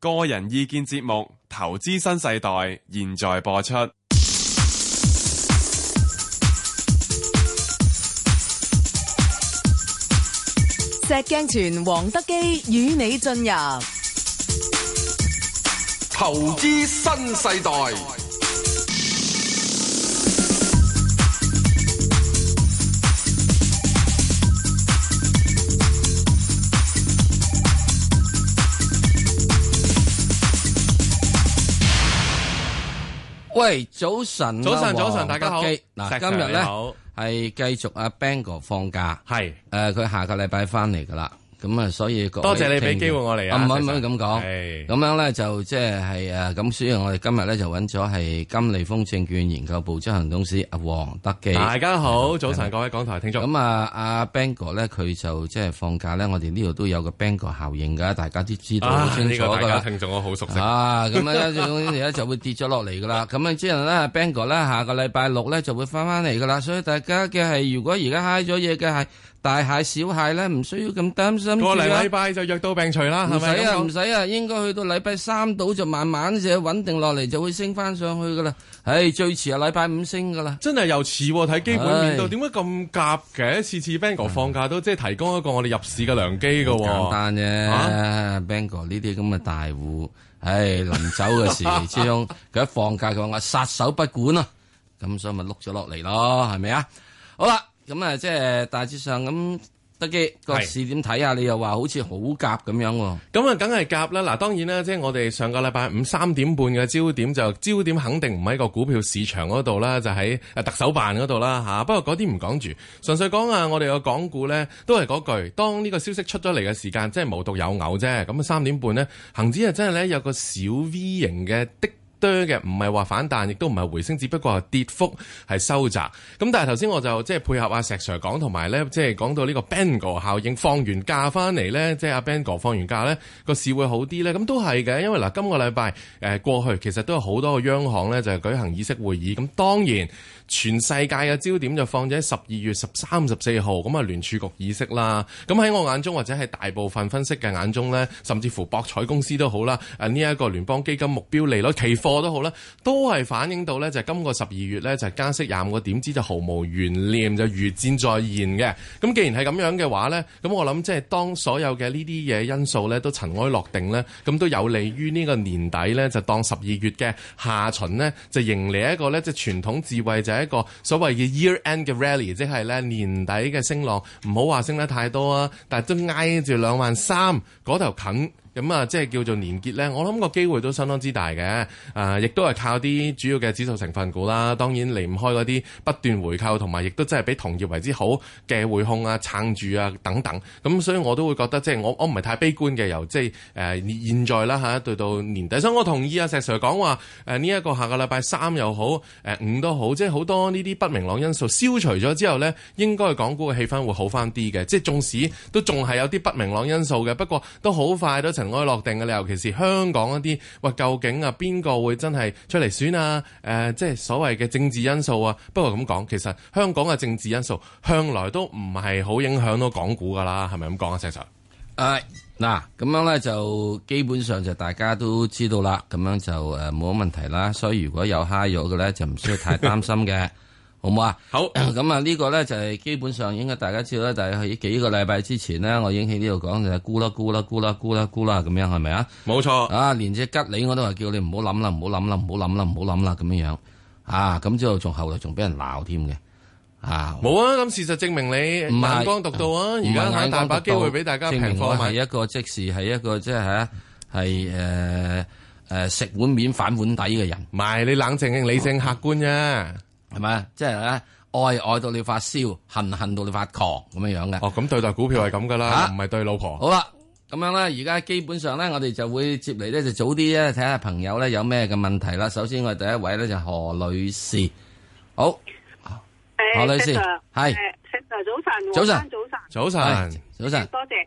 個人意見節目《投資新世代》現在播出。石鏡泉、黃德基與你進入《投資新世代》。喂，早晨，早晨，王早晨，基大家好，石 Sir 你好。今日咧好，係繼續阿 Bang 哥放假，係誒是，佢、呃、下個禮拜翻嚟噶啦。咁啊，所以多謝你俾機會我嚟啊！唔好唔好咁講，咁樣咧就即係係誒咁。所以我哋今日咧就揾咗係金利豐證券研究部執行董事阿黃德基。大家好，早晨各位港台聽眾。咁啊，阿 Bang 哥咧，佢就即係放假咧。我哋呢度都有個 Bang 哥效應嘅，大家都知道好清楚，呢個大家聽眾我好熟悉。啊，咁啊，而家就會跌咗落嚟嘅啦。咁啊，之後咧，Bang 哥咧，下個禮拜六咧就會翻翻嚟嘅啦。所以大家嘅係，如果而家嗨咗嘢嘅係，大蟹小蟹咧，唔需要咁擔心，啊。過嚟啦，禮拜就藥到病除啦，係咪啊？唔使樣啊，唔使應該去到禮拜三到就慢慢就穩定落嚟，就會升翻上去噶啦。唉、哎，最遲啊，禮拜五升噶啦。真係又遲睇基本面度，點解咁夾嘅？麼麼次次 Bangor 放假都即係提供一個我哋入市嘅良機噶喎、啊哎嗯。簡單啫，Bangor 呢啲咁嘅大戶，唉、哎，臨、 哎、走嘅時將佢一放假嘅話，佢話殺手不管啊，咁所以咪碌咗落嚟咯，係咪啊？好啦。好咁啊，即係大致上咁得嘅個市點睇下，是你又話好似好夾咁樣喎。咁啊、嗯，梗係夾啦。嗱、嗯，當然啦，即、就、係、是、我哋上個禮拜五三點半嘅焦點就焦點肯定唔喺個股票市場嗰度啦，就喺特首辦嗰度啦嚇。不過嗰啲唔講住，純粹講啊，我哋個講股咧都係嗰句，當呢個消息出咗嚟嘅時間，即係無獨有偶啫。咁啊，三點半呢，恒指啊真係咧有個小 V 型嘅的，的。對嘅唔係話反彈，亦都唔係回升，只不過係跌幅係收窄。咁但係頭先我就即係配合阿石 Sir 講，同埋呢即係講到呢個 Ben 哥效應，放完假翻嚟呢，即係阿 Ben 哥放完假呢，個市會好啲呢。咁、嗯、都係嘅。因為嗱、呃，今個禮拜誒過去其實都有好多個央行呢就係舉行議息會議。咁、嗯、當然全世界嘅焦點就放咗喺十二月十三、十四號咁啊聯儲局議息啦。咁、嗯、喺我眼中或者係大部分分析嘅眼中呢，甚至乎博彩公司都好啦。呢、啊、一、這個聯邦基金目標利率期。個都好咧，都係反映到呢，就是、今個十二月呢，就是、加息廿五個點，之就毫無懸念，就如箭在弦嘅。咁既然係咁樣嘅話呢，咁我諗即係當所有嘅呢啲嘢因素呢，都塵埃落定呢，咁都有利於呢個年底呢，就當十二月嘅下旬呢，就迎嚟一個呢，即、就、係、是、傳統智慧就係一個所謂嘅 year end 嘅 rally 即係呢年底嘅升浪，唔好話升得太多啊，但係都挨住兩萬三嗰頭近。咁啊、嗯，即係叫做年結咧，我諗個機會都相當之大嘅。誒、呃，亦都係靠啲主要嘅指數成分股啦，當然離唔開嗰啲不斷回購同埋，亦都真係比同業為之好嘅匯控啊、撐住啊等等。咁、嗯、所以我都會覺得，即係我我唔係太悲觀嘅。由即係誒、呃、現在啦嚇，對到年底，所以我同意阿、啊、石 Sir 講話誒呢一個下個禮拜三又好誒五都好，即係好多呢啲不明朗因素消除咗之後呢，應該係港股嘅氣氛會好翻啲嘅。即係縱使都仲係有啲不明朗因素嘅，不過都好快都曾。塵埃落定嘅你，尤其是香港一啲，喂，究竟啊，邊個會真係出嚟選啊？誒、呃，即係所謂嘅政治因素啊。不過咁講，其實香港嘅政治因素向來都唔係好影響到港股噶啦，係咪咁講啊？石 Sir 嗱、呃，咁樣咧就基本上就大家都知道啦，咁樣就誒冇乜問題啦。所以如果有蝦肉嘅咧，就唔需要太擔心嘅。 好唔好啊？好咁啊！呢個咧就係基本上應該大家知道啦。但係喺幾個禮拜之前咧，我已經喺呢度講就係、是、咕啦咕啦咕啦咕啦咕啦咁樣，係咪啊？冇錯錯啊！連隻吉利我都話叫你唔好諗啦，唔好諗啦，唔好諗啦，唔好諗啦咁樣樣啊！咁之後仲後來仲俾人鬧添嘅啊！冇啊！咁事實證明你眼光獨到啊！而家是大把機會俾大家平貨買，我係一個即時係一個即係吓係誒誒食碗麵反碗底嘅人，唔係、啊、你冷靜理性客觀啫。啊啊啊係咪啊？即係咧，愛愛到你發燒，恨恨到你發狂咁樣樣嘅。哦，咁對待股票係咁噶啦，唔係、啊、對老婆。好啦，咁樣咧，而家基本上咧，我哋就會接嚟咧，就早啲咧，睇下朋友咧有咩嘅問題啦。首先我哋第一位咧就係、何女士，好、欸、何女士，先生，係，早晨，早晨，早晨，早晨，早晨，多謝。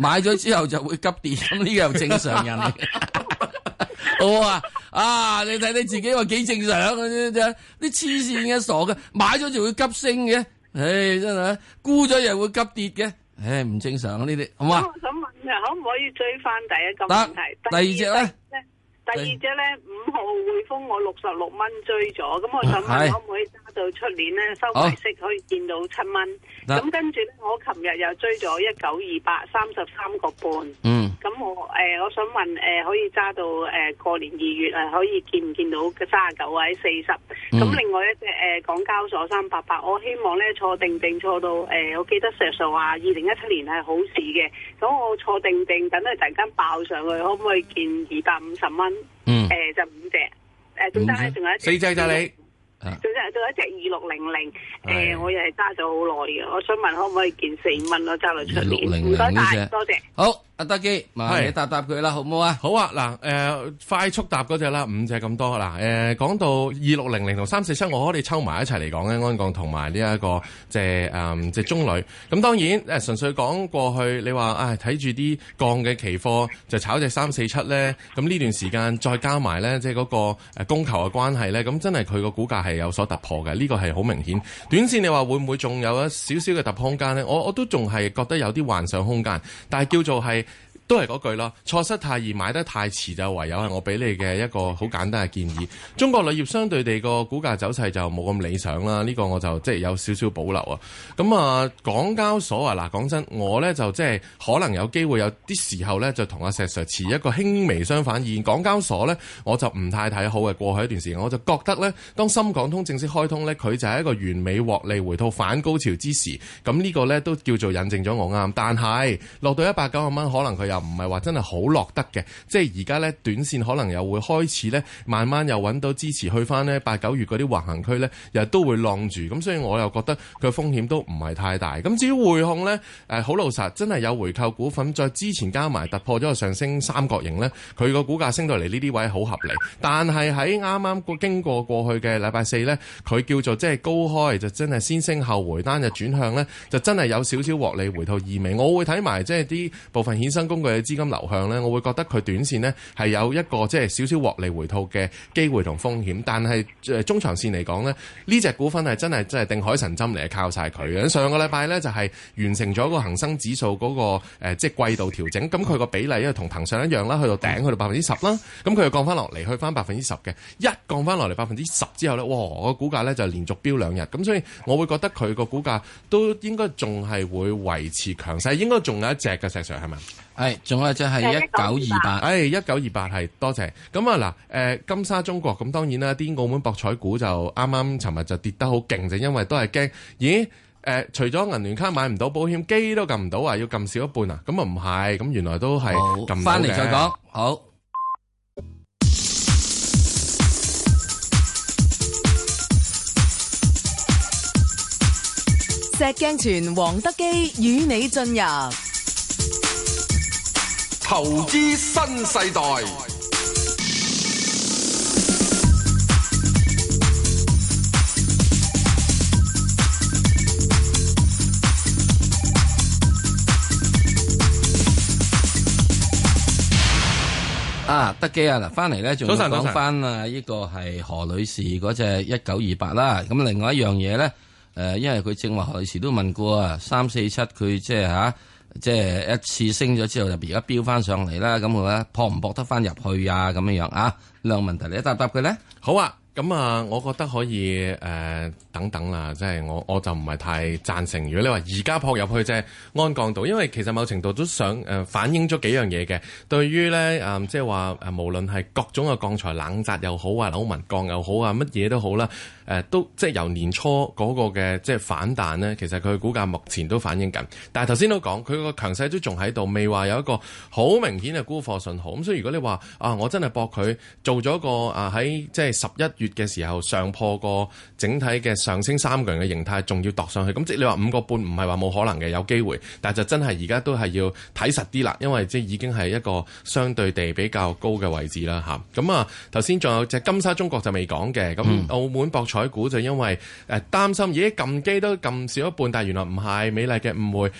買咗之後就會急跌，呢個又正常人嚟。 好話啊，你睇你自己話幾正常嘅啫，啲黐線嘅傻嘅，買咗就會急升嘅，唉真係，沽咗又會急跌嘅，唉唔正常呢啲，好嘛？我想問啊，可唔可以追翻第一個問題？第二隻咧？第你、啊、二隻咧，五號匯豐我六十六蚊追咗，咁、嗯、我、嗯、想問我可唔可以揸到出年咧收息可以見到七蚊？咁、哎、跟住咧，我琴日又追咗一九二八三十三個半。嗯，咁我誒、呃、我想問誒、呃、可以揸到誒、呃、過年二月誒可以見唔見到三十九或者四十？咁、嗯、另外一隻誒、呃、港交所三百八，我希望咧坐定定坐到誒、呃，我記得石叔話二零一七年係好事嘅，咁我坐定定等佢突然間爆上去，可唔可以見二百五十蚊？嗯，誒，就五隻，誒，總生咧仲有一隻。四隻就你？仲有仲有一隻二六零零，誒的，我又係揸咗好耐嘅，我想問可唔可以見四蚊攞揸到出年？唔該曬，些多謝。好，阿德基，嗱，你答答佢啦，的好唔好，好啊？好啊，嗱，誒，快速答嗰隻啦，五隻咁多。嗱，誒，講到二六零零同三四七，我可以抽埋一齊嚟講咧，安鋼同埋呢一個即係誒即係中鋁。咁當然誒，純粹講過去，你話啊睇住啲鋼嘅期貨就炒隻三四七咧，咁呢段時間再加埋咧，即係嗰個誒供求嘅關係咧，咁真係佢個股價係，係有所突破嘅，呢個係好明顯。短線你話會唔會仲有一少少嘅突破空間咧？我我都仲係覺得有啲幻想空間，但係叫做係。都係嗰句咯，錯失太易，買得太遲就唯有係我俾你嘅一個好簡單嘅建議。中國鋁業相對地個股價走勢就冇咁理想啦，呢、這個我就即係有少少保留啊。咁、嗯、啊，港交所啊，嗱，講真，我呢就即係可能有機會有啲時候呢就同阿石 Sir 持一個輕微相反。而港交所呢，我就唔太睇好嘅，過去一段時間，我就覺得呢，當深港通正式開通呢，佢就係一個完美獲利回吐反高潮之時，咁、嗯、呢、這個呢，都叫做引證咗我啱。但係落到一百九十蚊，0, 可能佢有。唔係話真係好落得嘅，即係而家呢，短線可能又會開始呢，慢慢又揾到支持，去翻呢。八九月嗰啲橫行區呢，又都會浪住。咁所以我又覺得佢風險都唔係太大。咁至於匯控呢，誒好老實，真係有回購股份，再之前加埋突破咗個上升三角形呢，佢個股價升到嚟呢啲位好合理。但係喺啱啱過經過過去嘅禮拜四呢，佢叫做即係高開就真係先升後回單日，就轉向呢，就真係有少少獲利回吐意味。我會睇埋即係啲部分衍生工具嘅資金流向咧，我會覺得佢短線呢係有一個即係少少獲利回吐嘅機會同風險，但係誒中長線嚟講呢，呢隻股份係真係即係定海神針嚟，靠晒佢嘅上個禮拜呢，就係完成咗個恒生指數嗰個即係季度調整，咁佢個比例因為同騰訊一樣啦，去到頂去到百分之十啦，咁佢又降翻落嚟去翻百分之十嘅一降翻落嚟百分之十之後呢，哇！個股價呢就連續飆兩日咁，所以我會覺得佢個股價都應該仲係會維持強勢，應該仲有一隻嘅石 Sir 係咪？係，仲有就係一九二八，誒，一九二八係，多謝。咁啊嗱，誒，金沙中國，咁當然啦，啲澳門博彩股就啱啱，尋日就跌得好勁，就因為都係驚，咦，誒，除咗銀聯卡買唔到保險，機都撳唔到啊，要撳少一半啊，咁啊唔係，咁原來都係撳翻嚟再講。好，石鏡泉黃德基與你進入。投資新世代啊！得機啊！嗱，翻嚟咧，早晨講翻啊！依個係何女士嗰隻一九二八啦。咁另外一樣嘢咧，誒，因為佢正話何女士都問過啊，三四七，佢即係吓。啊即係一次升咗之後，就而家飚翻上嚟啦，咁佢話，撲唔撲得翻入去啊？咁樣樣啊，兩個問題，你一答答佢咧。好啊，咁、嗯、啊，我覺得可以誒、呃、等等啦，即係我我就唔係太贊成。如果你話而家撲入去即啫安降度，因為其實某程度都想誒、呃、反映咗幾樣嘢嘅。對於咧誒，即係話誒，無論係各種嘅鋼材冷軋又好啊，螺紋鋼又好啊，乜嘢都好啦。誒都即係由年初嗰個嘅即係反彈咧，其實佢股價目前都反映緊，但係頭先都講佢個強勢都仲喺度，未話有一個好明顯嘅沽貨信號，咁所以如果你話啊，我真係搏佢做咗個啊喺即係十一月嘅時候上破個整體嘅上升三角形嘅形態仲要度上去咁，即係你話五個半唔係話冇可能嘅，有機會，但係就真係而家都係要睇實啲啦，因為即係已經係一個相對地比較高嘅位置啦吓，咁啊頭先仲有隻金沙中國就未講嘅，咁、嗯、澳門博彩。彩股就因為誒擔心，咦？撳機都撳少一半，但係原來唔係，美麗嘅誤會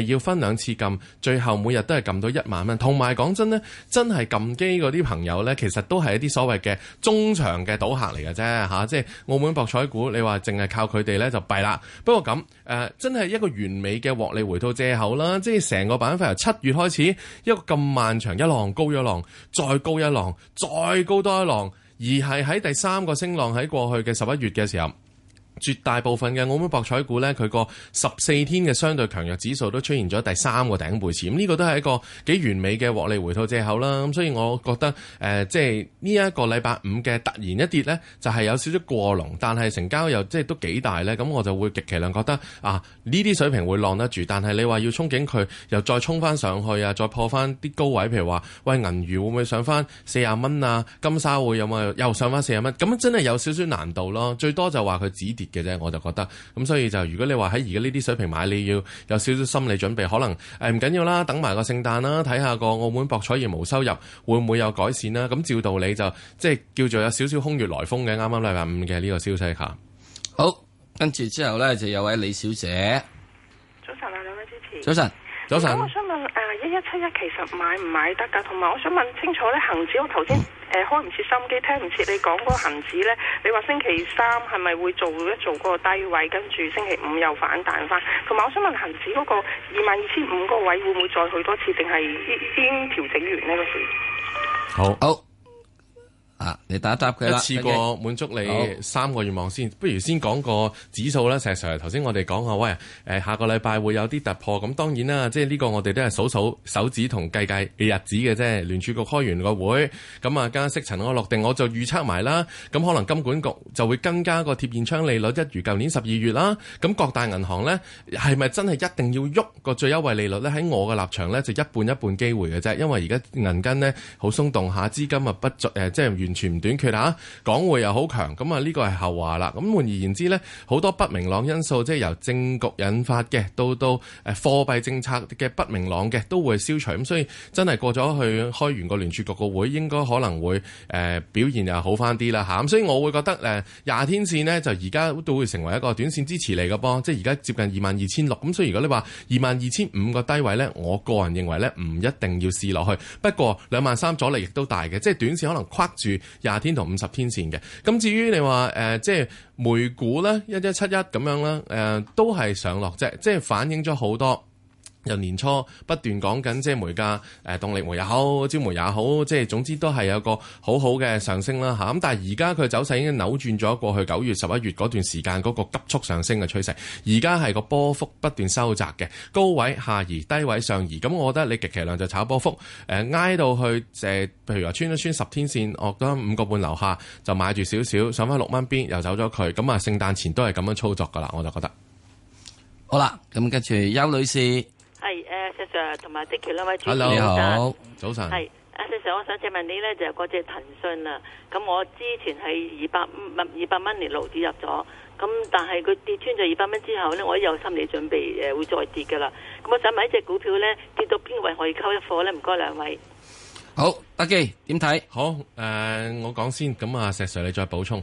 係要分兩次撳，最後每日都係撳到一萬蚊。同埋講真呢，真係撳機嗰啲朋友呢，其實都係一啲所謂嘅中場嘅賭客嚟嘅啫，吓、啊，即係澳門博彩股，你話淨係靠佢哋呢就弊啦。不過咁誒、呃，真係一個完美嘅獲利回吐借口啦，即係成個板塊由七月開始一個咁漫長一浪高一浪，再高一浪，再高多一浪。而係喺第三個升浪喺過去嘅十一月嘅時候。絕大部分嘅澳門博彩股呢，佢個十四天嘅相對強弱指數都出現咗第三個頂背馳，呢、嗯這個都係一個幾完美嘅獲利回吐借口啦。咁、嗯、所以我覺得誒、呃，即係呢一個禮拜五嘅突然一跌呢，就係、是、有少少過龍，但係成交又即係都幾大呢。咁我就會極其量覺得啊，呢啲水平會攬得住。但係你話要憧憬佢又再衝翻上去啊，再破翻啲高位，譬如話，喂銀娛會唔會上翻四十蚊啊？金沙會有冇又上翻四十蚊？咁真係有少少難度咯。最多就話佢止跌。嘅啫，我就覺得咁，所以就如果你話喺而家呢啲水平買，你要有少少心理準備，可能誒唔緊要啦，等埋個聖誕啦，睇下個澳門博彩業無收入會唔會有改善啦。咁、嗯、照道理就即係叫做有少少空穴來風嘅，啱啱禮拜五嘅呢個消息嚇。好，跟住之後呢，就有位李小姐，早晨啊，兩位主持，早晨，早晨。我想問一七一其實買唔買得㗎？同埋我想問清楚呢，恒指我頭先誒開唔切心機，聽唔切你講嗰個恆指呢？你話星期三係咪會做一做嗰個低位，跟住星期五又反彈翻？同埋我想問恒指嗰個二萬二千五個位會唔會再去多次，定係先調整完呢個時？好。Oh. 啊、你答一答佢一次過滿足你好三個願望先。不如先講個指數啦。成日頭先我哋講下，喂，誒下個禮拜會有啲突破。咁當然啦，即係呢個我哋都係數數手指同計計嘅日子嘅啫。聯儲局開完個會，咁啊加息塵埃落定，我就預測埋啦。咁可能金管局就會增加個貼現窗利率，一如舊年十二月啦。咁各大銀行呢，係咪真係一定要喐個最優惠利率呢？喺我嘅立場呢，就一半一半機會嘅啫。因為而家銀根呢，好鬆動下，資金啊不足，誒、呃、即係完全唔短缺吓，港匯又好強，咁啊呢個係後話啦。咁換而言之咧，好多不明朗因素，即係由政局引發嘅，到到誒貨幣政策嘅不明朗嘅，都會消除。咁所以真係過咗去開完個聯儲局個會，應該可能會誒、呃、表現又好翻啲啦吓。咁所以我會覺得誒廿、呃、天線咧，就而家都會成為一個短線支持嚟嘅噃，即係而家接近二萬二千六。咁所以如果你話二萬二千五個低位咧，我個人認為咧唔一定要試落去。不過兩萬三阻力亦都大嘅，即係短線可能框住。廿天同五十天線嘅，咁至於你話誒、呃，即係每股咧一一七一咁樣啦，誒、呃、都係上落啫，即係反映咗好多。又年初不斷講緊，即係煤價，誒，動力煤也好，焦煤也好，即係總之都係有個好好嘅上升啦嚇。咁但係而家佢走勢已經扭轉咗過去九月、十一月嗰段時間嗰、嗰個急速上升嘅趨勢，而家係個波幅不斷收窄嘅，高位下移，低位上移。咁我覺得你極其量就炒波幅，誒、呃、捱到去、呃、譬如話穿一穿十天線，我覺得五個半樓下就買住少少，上翻六蚊邊又走咗佢。咁啊聖誕前都係咁樣操作噶啦，我就覺得好啦。咁跟住邱女士。係誒、uh, 石 Sir 同埋 Dicky 兩位主持人，Hello, 時你好，早晨時。係誒、啊、石 Sir，我想借問你咧，就係嗰隻騰訊啊。咁我之前係二百二百蚊年攞住入咗，咁但係佢跌穿咗二百蚊之後咧，我有心理準備誒會再跌㗎啦。咁我想問一隻股票咧跌到邊位可以溝一貨咧？唔該兩位。好，阿基點睇？好誒、呃，我講先。咁啊，石 Sir 你再補充。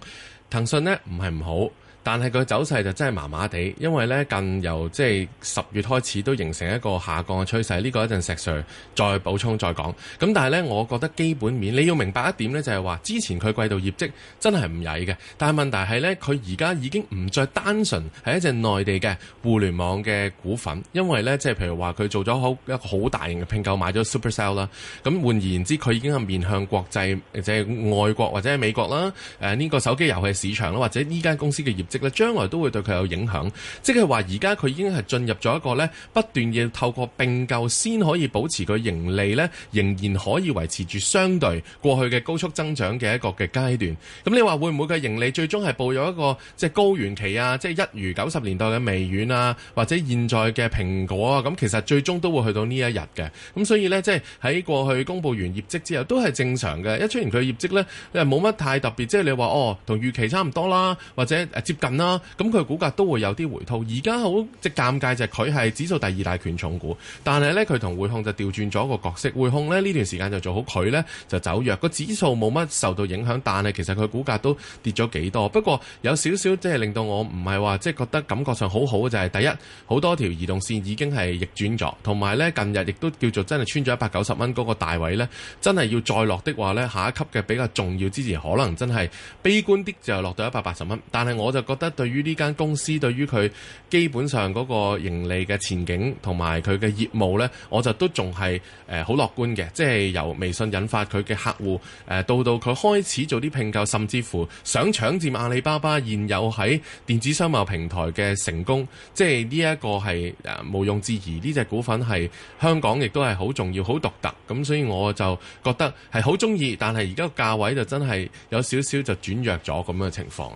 騰訊咧唔係唔好。但係佢走勢就真係麻麻地，因為呢近由即係十月開始都形成一個下降嘅趨勢，呢、這個一陣石 Sir 再補充再講。咁但係呢，我覺得基本面你要明白一點呢，就係話之前佢季度業績真係唔曳嘅，但係問題係呢，佢而家已經唔再單純係一隻內地嘅互聯網嘅股份，因為呢，即係譬如話佢做咗好一個好大型嘅併購，買咗 Supercell 啦。咁換言之，佢已經係面向國際，即係外國或者係美國啦。誒、呃、呢、這個手機遊戲市場啦，或者呢間公司嘅業。即係將來都會對佢有影響，即係話而家佢已經係進入咗一個呢不斷要透過並購先可以保持佢盈利呢，仍然可以維持住相對過去嘅高速增長嘅一個嘅階段。咁你話會唔會佢盈利最終係步入一個即係高原期啊？即係一如九十年代嘅微軟啊，或者現在嘅蘋果啊，咁其實最終都會去到呢一日嘅。咁所以呢，即係喺過去公佈完業績之後都係正常嘅，一出現佢業績呢，又冇乜太特別，即係你話哦，同預期差唔多啦，或者接近啦，咁佢股價都會有啲回吐。而家好即係尷尬就係佢係指數第二大權重股，但係呢，佢同匯控就調轉咗個角色。匯控咧呢段時間就做好佢呢就走弱，個指數冇乜受到影響，但係其實佢股價都跌咗幾多。不過有少少即係令到我唔係話即係覺得感覺上好好嘅就係、是、第一好多條移動線已經係逆轉咗，同埋呢，近日亦都叫做真係穿咗一百九十蚊嗰個大位呢真係要再落的話呢下一級嘅比較重要之前可能真係悲觀啲就落到一百八十蚊，但係我就。我覺得對於呢間公司，對於佢基本上嗰個盈利嘅前景同埋佢嘅業務呢，我就都仲係誒好樂觀嘅。即係由微信引發佢嘅客戶誒，到到佢開始做啲拼購，甚至乎想搶佔阿里巴巴現有喺電子商貿平台嘅成功。即係呢一個係毋庸置疑，呢隻股份係香港亦都係好重要、好獨特。咁所以我就覺得係好鍾意，但係而家個價位就真係有少少就轉弱咗咁嘅情況。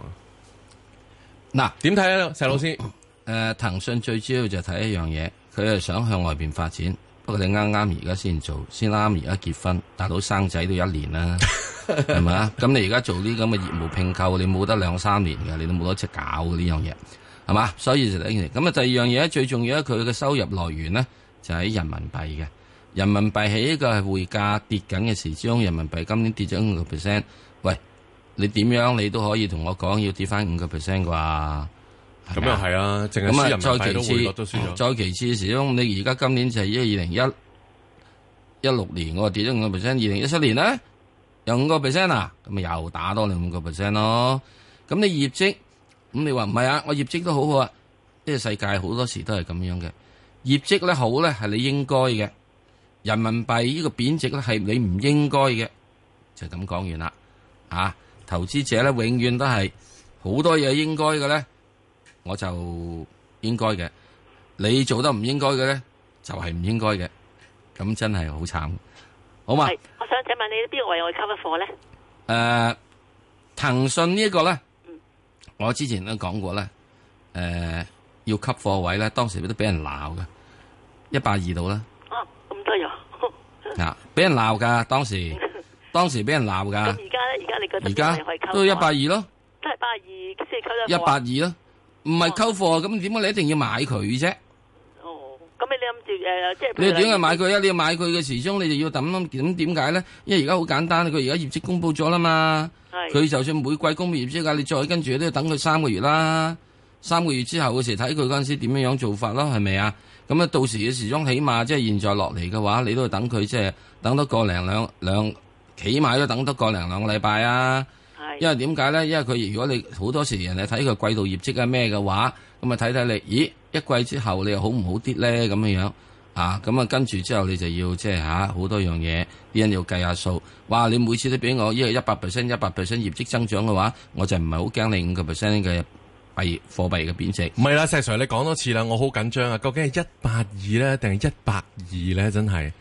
嗱，點睇啊，石老師？誒，騰訊最主要就睇一樣嘢，佢係想向外邊發展。不過你啱啱而家先做，先啱而家結婚，大佬生仔都一年啦，係咪啊？咁你而家做啲咁嘅業務拼購，你冇得兩三年嘅，你都冇得即係搞呢樣嘢，係嘛？所以就第一樣。咁啊，第二樣嘢最重要咧，佢嘅收入來源咧就喺、是、人民幣嘅。人民幣喺一個匯價跌緊嘅時鐘，人民幣今年跌咗五六 percent。你點樣你都可以同我講要跌翻五個 percent 啩？咁又係啊，淨係人民幣都回落都輸咗、嗯、再其次，始終、哦嗯、你而家今年就係一二零一，一六年我跌咗五個 percent，二零一七年咧又五個 percent 啊，咁啊又打多你五個 percent 咯。咁你業績咁你話唔係啊？我業績都好好啊！呢個世界好多時都係咁樣嘅，業績咧好咧係你應該嘅，人民幣呢個貶值咧係你唔應該嘅，就咁講完啦，啊！投資者咧，永遠都係好多嘢，應該嘅咧，我就應該嘅。你做得唔應該嘅咧，就係、是、唔應該嘅。咁真係好慘，好嘛？係，我想請問你邊個位我有吸一貨咧？誒、呃，騰訊呢一個咧，我之前都講過咧，誒、呃，要吸貨位咧，當時都俾人鬧噶，一百二度啦。哦、啊，咁多呀？嗱、 呃，俾人鬧噶當時。當時俾人鬧噶，而家而家你覺得都係都一百二咯，都係百二，即係購一一百二咯，百二咯，百二咯貨，啊，唔係溝貨，咁點解你一定要買佢啫？哦，咁你諗住即係你要點解買佢啊？你要買佢嘅時鐘，你就要等點點解咧？因為而家好簡單，佢而家業績公布咗啦嘛，佢是的 就算每季公布業績噶，你再跟住都要等佢三個月啦，三個月之後嘅時睇佢嗰陣時點樣樣做法咯，係咪啊？咁、嗯、啊到時嘅時鐘起碼即係現在落嚟嘅話，你都要等佢即係等多個零兩兩。兩兩起碼都等個多個零兩個禮拜啊，因為點解咧？因為佢如果你好多時人哋睇佢季度業績係咩嘅話，咁啊睇睇你，咦一季之後你又好唔好啲咧？咁樣樣啊，咁啊跟住之後你就要即係吓好多樣嘢，啲人要計下數。哇！你每次都俾我依個一百 percent、一百 percent 業績增長嘅話，我就唔係好驚你五個 percent 嘅幣貨幣嘅貶值。唔係啦，細 Sir，你講多次啦，我好緊張啊！究竟係一百二咧，定係一百二咧？真係。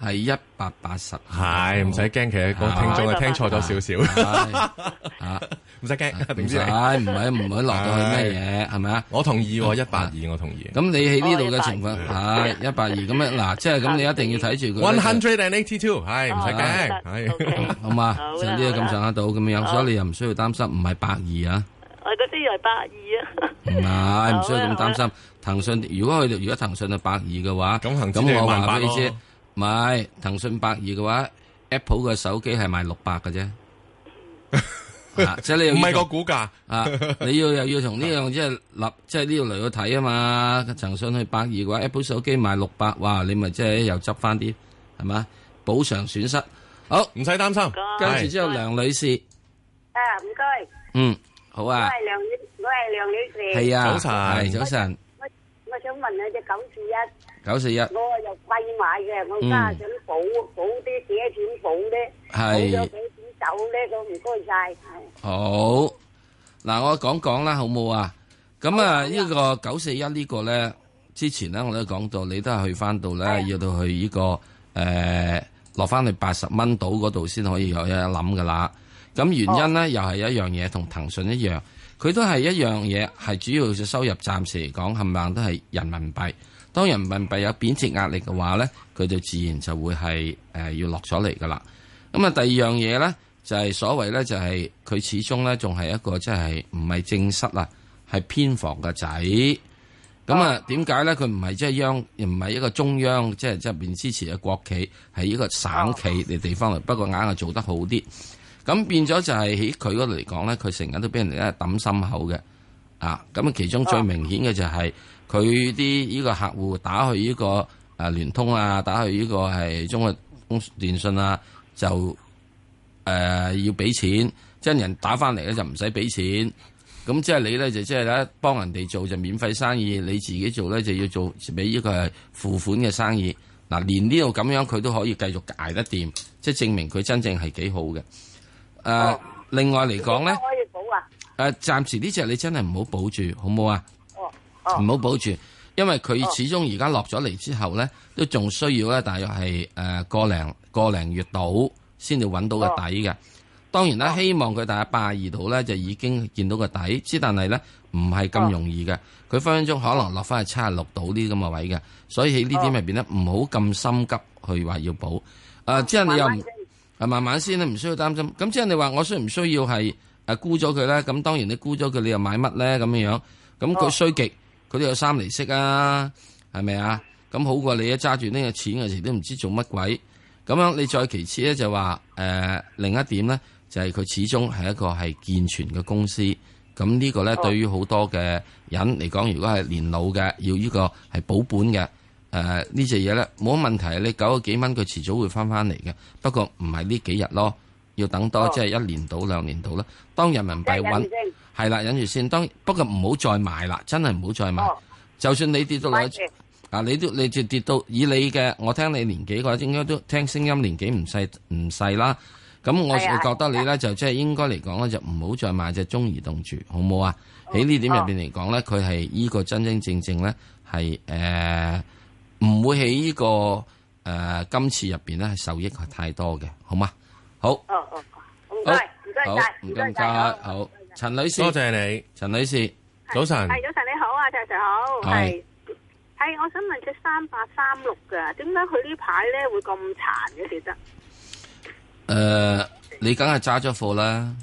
係一百八十，係唔使驚。其實個聽眾係聽錯咗少少，吓唔使驚，唔知唔係唔係唔係落到去咩嘢，係咪啊？我同意，一百二，我同意。咁你喺呢度嘅情況係一百二，咁樣嗱，即係咁，你一定要睇住佢。One hundred and eighty two，係唔使驚，係好嘛？上啲咁上得到咁樣，所以你又唔需要擔心，唔係百二啊。我嗰啲係百二啊，唔係唔需要咁擔心。騰訊如果佢如果騰訊係百二嘅話，咁我話俾你知。唔係騰訊百二嘅話，Apple 嘅手機係賣六百㗎啫，即係你唔係個股價啊！你要又要從呢樣即係立即係呢度嚟去睇啊嘛！騰訊去百二嘅話，Apple 手機賣六百，哇！你咪即係又執翻啲係嘛？補償損失好，唔使擔心。跟住之後，梁女士，啊唔該，嗯好啊，我係梁，我係梁女士，係啊，早晨早晨。我我想問你隻九字一。九四、嗯、一，我又貴買嘅。我家陣補補啲，借錢補啲，補咗俾錢走咧，都唔該晒。好嗱，我講講啦，好冇啊？咁啊，哦、個個呢個九四一呢個咧，之前咧我都講到，你都係去翻到咧、啊、要到去呢、這個誒、呃、落翻去八十蚊到嗰度先可以有有諗噶啦。咁原因咧、哦、又係一樣嘢，同騰訊一樣，佢都係一樣嘢，係主要收入暫時嚟講，冚唪唥都係人民幣。當人民幣有貶值壓力嘅話咧，佢就自然就會係誒、呃、要落咗嚟噶啦。咁啊，第二樣嘢咧就係、是、所謂咧就係、是、佢始終咧仲係一個即係唔係正室啊，係偏房嘅仔。咁啊，點解咧佢唔係即係央唔係一個中央即係即係入面支持嘅國企，喺呢個省企嘅地方嚟，不過硬係做得好啲。咁變咗就係喺佢嗰度嚟講咧，佢成日都俾人哋揼心口嘅。啊，咁啊，其中最明顯嘅就係、是。啊佢啲呢個客戶打去呢個誒聯通啊，打去呢個係中國電訊啊，就誒、呃、要俾錢，真人打翻嚟咧就唔使俾錢。咁即係你咧就即係咧幫人哋做就免費生意，你自己做咧就要做俾呢個係付款嘅生意。嗱、呃，連呢度咁樣佢都可以繼續捱得掂，即係證明佢真正係幾好嘅。誒、呃，哦、另外嚟講咧，誒、啊呃，暫時呢隻你真係唔好保住，好唔好啊？唔好保住，因為佢始終而家落咗嚟之後咧，都仲需要咧，大約係誒、呃、個零個零月度先至搵到個底嘅。當然啦，希望佢大概八十二度咧就已經見到個底，之但係咧唔係咁容易嘅。佢分、啊、分鐘可能落翻去七十六度啲咁嘅位嘅，所以喺呢點入邊咧唔好咁心急去話要保。誒、啊，即係你又唔誒慢慢、啊、慢慢先，你唔需要擔心。咁即係你話我需唔需要係誒沽咗佢咧？咁當然你沽咗佢，你又買乜咧？咁樣樣，咁佢衰極。佢都有三厘息啊，係咪啊？咁好過你一揸住呢個錢，有時都唔知做乜鬼。咁樣你再其次咧就話，誒、呃，另一點咧就係、是、佢始終係一個係健全嘅公司。咁呢個咧、哦、對於好多嘅人嚟講，如果係年老嘅，要呢個係保本嘅，誒、呃、呢隻嘢咧冇乜問題。你九個幾蚊，佢遲早會翻翻嚟嘅。不過唔係呢幾日咯，要等多，哦、即係一年到兩年到啦。當人民幣穩。係啦，忍住先。當不過唔好再買啦，真係唔好再買。就算你跌到落去，啊，你都你就跌到以你嘅，我聽你年紀，嘅話應該都聽聲音，年紀唔細唔細啦。咁我我覺得你咧就即係應該嚟講咧，就唔好再買隻中移動住，好唔好啊？喺呢點入邊嚟講咧，佢係呢個真真正正咧係誒，唔會喺呢個誒今次入邊咧係受益係太多嘅，好嗎？好哦哦，唔該唔該晒唔該好。陳女士，多謝你。陳女士，早晨係早晨，你好啊，陳 Sir，好係係，我想問隻三八三六噶，點解佢呢排咧會咁殘嘅跌得？誒，你梗係揸咗貨啦，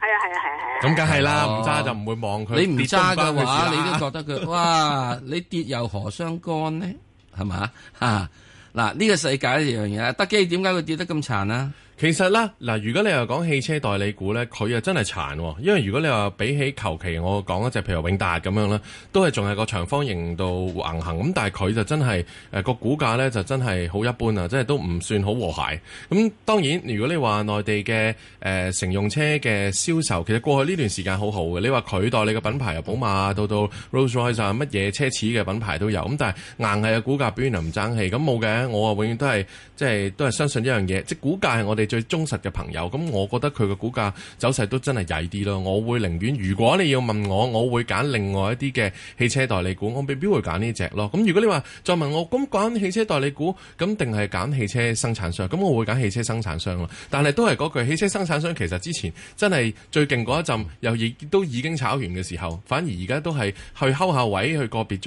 係啊，係啊，係啊，係啊，咁梗係啦，唔揸就唔會望佢。你唔揸嘅話，你都覺得佢哇，你跌又何相干呢？係咪啊？嗱，呢個世界一樣嘢，德基點解會跌得咁殘啊？其實啦，嗱，如果你又講汽車代理股咧，佢又真係殘，因為如果你話比起求其我講一隻，譬如永達咁樣啦，都係仲係個長方形度橫行，咁但係佢就真係誒個股價咧就真係好一般啊，即係都唔算好和諧。咁、嗯、當然，如果你話內地嘅誒乘用車嘅銷售，其實過去呢段時間好好嘅。你話佢代理嘅品牌由寶馬到到 Rolls Royce 啊，乜嘢奢侈嘅品牌都有，咁但係硬係個股價表現又唔爭氣。咁冇嘅，我啊永遠都係即係都係相信一樣嘢，即係股價係我哋最忠實嘅朋友，咁我覺得佢嘅股價走勢都真係曳啲咯。我會寧願如果你要問我，我會揀另外一啲嘅汽車代理股，我未必會揀呢隻咯。咁如果你話再問我，咁講汽車代理股，咁定係揀汽車生產商？咁我會揀汽車生產商啦。但係都係嗰句，汽車生產商其實之前真係最勁嗰一陣，又亦都已經炒完嘅時候，反而而家都係去敲下位，去個別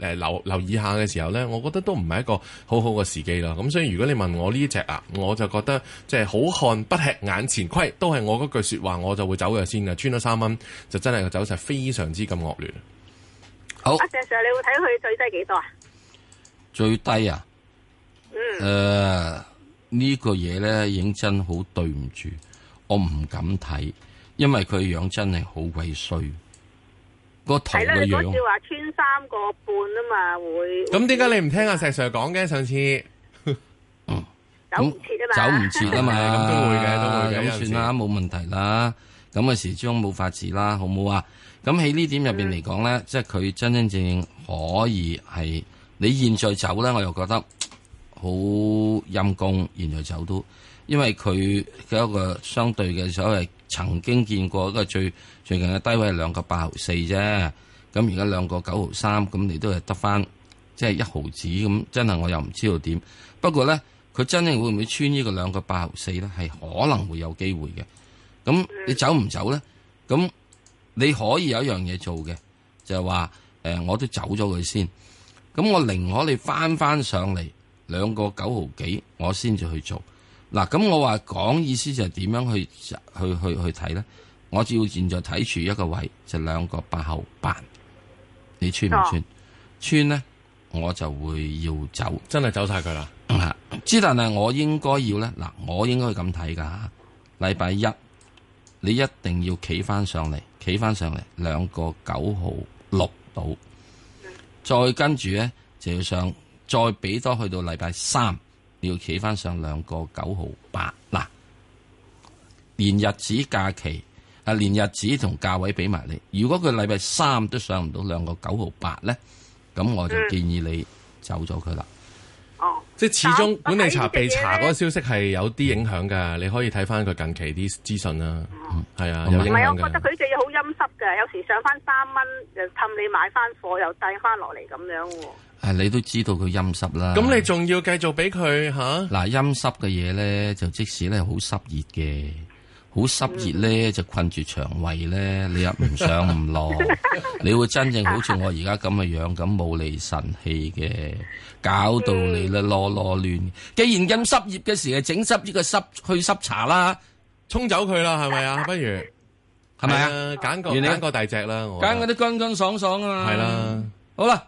再誒留留意下嘅時候呢。我覺得都唔係一個好好嘅時機啦。咁所以如果你問我呢隻啊，我就覺得即係。好漢不吃眼前虧，都係我嗰句說話，我就會走嘅先嘅。穿咗三蚊，就真係走勢非常之咁惡劣。好，阿石 Sir，你會睇佢最低幾多啊？最低啊？嗯。誒、呃，這個，呢個嘢咧，認真好對唔住，我唔敢睇，因為佢樣真係好鬼衰，個頭嘅樣。係啦，如果你話穿三個半啊嘛，會。咁點解你唔聽阿石 Sir 講嘅？上次？走唔切啊嘛，走唔切啊嘛，咁都會嘅，都會嘅，咁算啦，冇問題啦。咁啊始終冇法治啦，好冇啊？咁喺呢點入邊嚟講咧，嗯、即係佢真真正正可以係你現在走咧，我又覺得好陰功。現在走都因為佢嘅一個相對嘅所謂曾經見過一個最最近嘅低位係兩個八毫四啫，咁而家兩個九毫三，咁你都係得翻即係一毫子咁，真係我又唔知道點。不過咧。佢真正會唔會穿呢個兩個八毫四咧？係可能會有機會嘅。咁你走唔走咧？咁你可以有一樣嘢做嘅，就係話誒，我都走咗佢先。咁我寧可你翻翻上嚟兩個九毫幾，我先至去做。嗱，咁我話講意思就係點樣去去去去睇咧？我只要現在睇住一個位，就兩個八毫八，你穿唔穿？哦、穿咧，我就會要走，真係走晒佢啦。之但係我應該要咧，嗱，我應該咁睇噶。禮拜一你一定要企翻上嚟，企翻上嚟兩個九號六度，再跟住咧就要上，再俾多去到禮拜三，要企翻上兩個九號八。嗱，連日子假期啊，連日子同價位俾埋你。如果佢禮拜三都上唔到兩個九號八咧，咁我就建議你走咗佢啦。哦，即係始終管理查被查嗰個消息係有啲影響噶，嗯、你可以睇翻佢近期啲資訊啦。係啊、嗯，唔係，我覺得佢哋好陰濕嘅，有時上翻三蚊，又氹你買翻貨，又帶翻落嚟咁樣。誒，你都知道佢陰濕啦。咁你仲要繼續俾佢吓。嗱、啊，陰濕嘅嘢咧，就即使咧好濕熱嘅。好濕熱咧，就困住腸胃咧，你又唔上唔落，你會真正好似我而家咁嘅樣，咁冇厘神氣嘅，搞到你咧囉囉攣。既然咁濕熱嘅時候，就整濕呢個濕去濕茶啦，沖走佢啦，係咪啊？不如係咪啊？揀個揀個大隻啦，揀嗰啲乾乾爽爽啊！係啦，好啦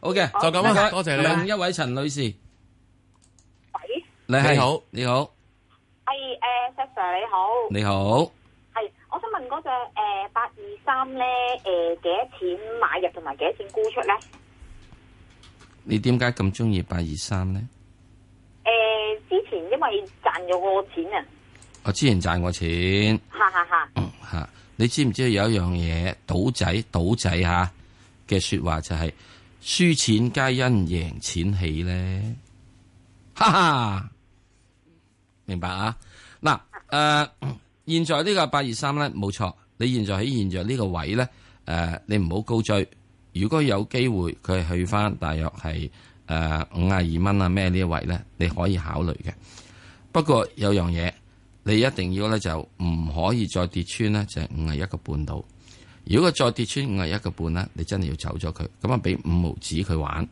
，OK 就咁啦，多謝你。另一位陳女士，喂，你好，你好。Sir 你好，你好，係，我想問嗰隻誒八二三咧，誒、呃、幾、呃、多錢買入同埋幾多錢沽出咧？你點解咁中意八二三咧？誒、呃，之前因為賺咗個錢啊！我之前賺過錢，吓吓吓，吓，你知唔知有一樣嘢賭仔賭仔吓嘅說話就係、是、輸錢皆因贏錢起咧，哈哈，明白啊？誒，uh, 現在個呢個八二三咧，冇錯。你現在喺現在呢個位咧，誒、uh，你唔好高追。如果有機會佢去翻大約係誒五十二蚊啊咩呢一位咧，你可以考慮嘅。不過有樣嘢，你一定要咧就唔可以再跌穿咧，就係五十一個半度。如果再跌穿五十一個半咧，你真係要走咗佢。咁啊，俾五毫子佢玩，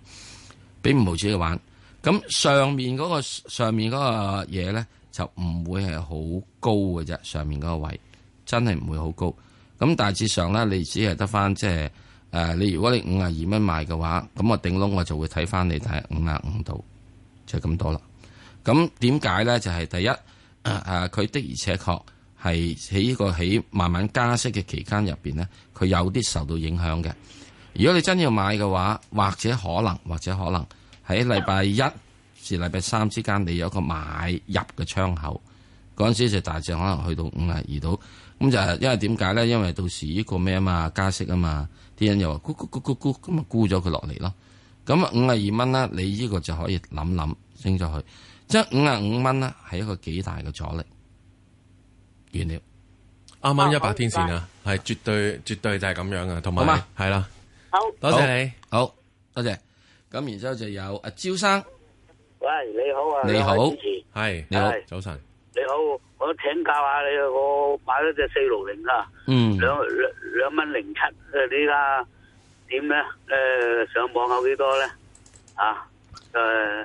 俾五毫子佢玩。咁上面嗰、嗰個上面嗰個嘢咧，就唔會係好高嘅啫，上面嗰個位真係唔會好高。咁大致上咧，你只係得翻即係誒，你如果你五廿二蚊買嘅話，咁我頂籠我就會睇翻你睇下五廿五度，就係咁多啦。咁點解咧？就係第一誒，佢、呃、的而且確係喺呢個起慢慢加息嘅期間入邊咧，佢有啲受到影響嘅。如果你真要買嘅話，或者可能，或者可能喺禮拜一，是禮拜三之間，你有一個買入嘅窗口，嗰陣時就大只可能去到五啊二度，咁就係因為點解咧？因為到時呢個咩啊嘛，加息啊嘛，啲人又話咕咕咕咕咕，咁啊沽咗佢落嚟咯，咁啊五啊二蚊啦，你呢個就可以諗諗升咗去，即係五啊五蚊啦，係一個幾大嘅阻力，完啦，啱啱一百天線啊，係絕對絕對就係咁樣嘅，同埋係啦，好多謝你，好多謝，咁然之後就有阿招生。喂，你好啊！你好，係你好，早晨。你好，我請教下你，我買咗隻四六零啦，兩兩兩蚊零七，你依家點咧？誒、呃，上網有幾多咧？啊，誒、呃，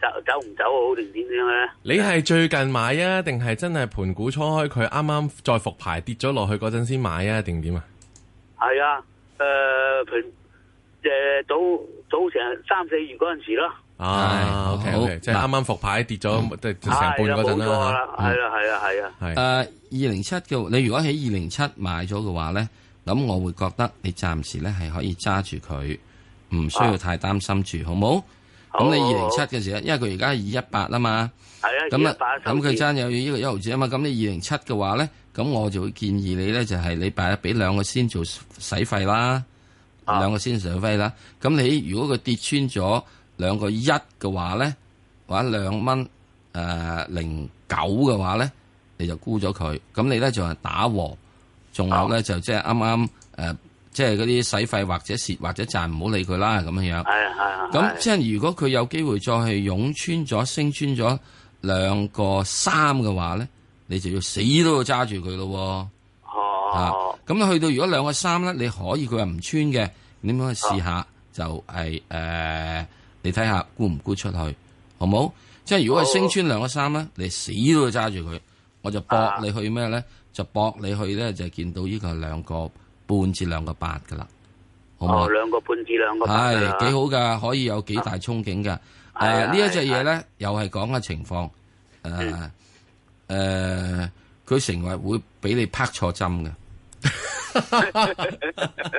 走走唔走好定點樣咧？你係最近買啊，定係真係盤古初開，佢啱啱再復牌跌咗落去嗰陣先買啊？定點啊？係、呃、啊，誒、呃，平誒早早成三四月嗰陣時咯。啊，好，即係啱啱復牌跌咗，即都成半嗰陣啦。係啊，係啊，係啦。誒，二零七嘅，你如果喺二零七買咗嘅話咧，咁我會覺得你暫時咧係可以揸住佢，唔需要太擔心住，好冇？好？咁你二零七嘅時候，因為佢而家係二一八啊嘛，係啊，二一八。咁佢爭有呢個一毫紙啊嘛，咁你二零七嘅話咧，咁我就會建議你咧就係你禮拜一俾兩個先做使費啦，兩個先上輝啦。咁你如果佢跌穿咗，兩個一嘅話咧，或者兩蚊誒零九嘅話咧，你就沽咗佢。咁你咧就係、是、打和，仲有咧、oh. 就即係啱啱誒，即係嗰啲使費或者蝕或者賺，唔好理佢啦咁樣樣。係係係。咁、oh. 即係如果佢有機會再去涌穿咗升穿咗兩個三嘅話咧，你就要死都要揸住佢咯。哦、oh.，咁去到如果兩個三咧，你可以佢係唔穿嘅，你可以試下就係誒。Oh. 你睇下沽唔沽出去，好冇？即係如果係升穿兩個三咧，你死都要揸住佢，我就博你去咩咧？啊、就博你去咧，就見到呢個兩個半至兩個八噶啦，好冇？兩、哦、個半至兩個八、哎、幾好噶，可以有幾大憧憬噶。誒，呢一隻嘢咧，啊、又係講嘅情況。誒誒、啊嗯啊，佢成為會俾你拍錯針嘅。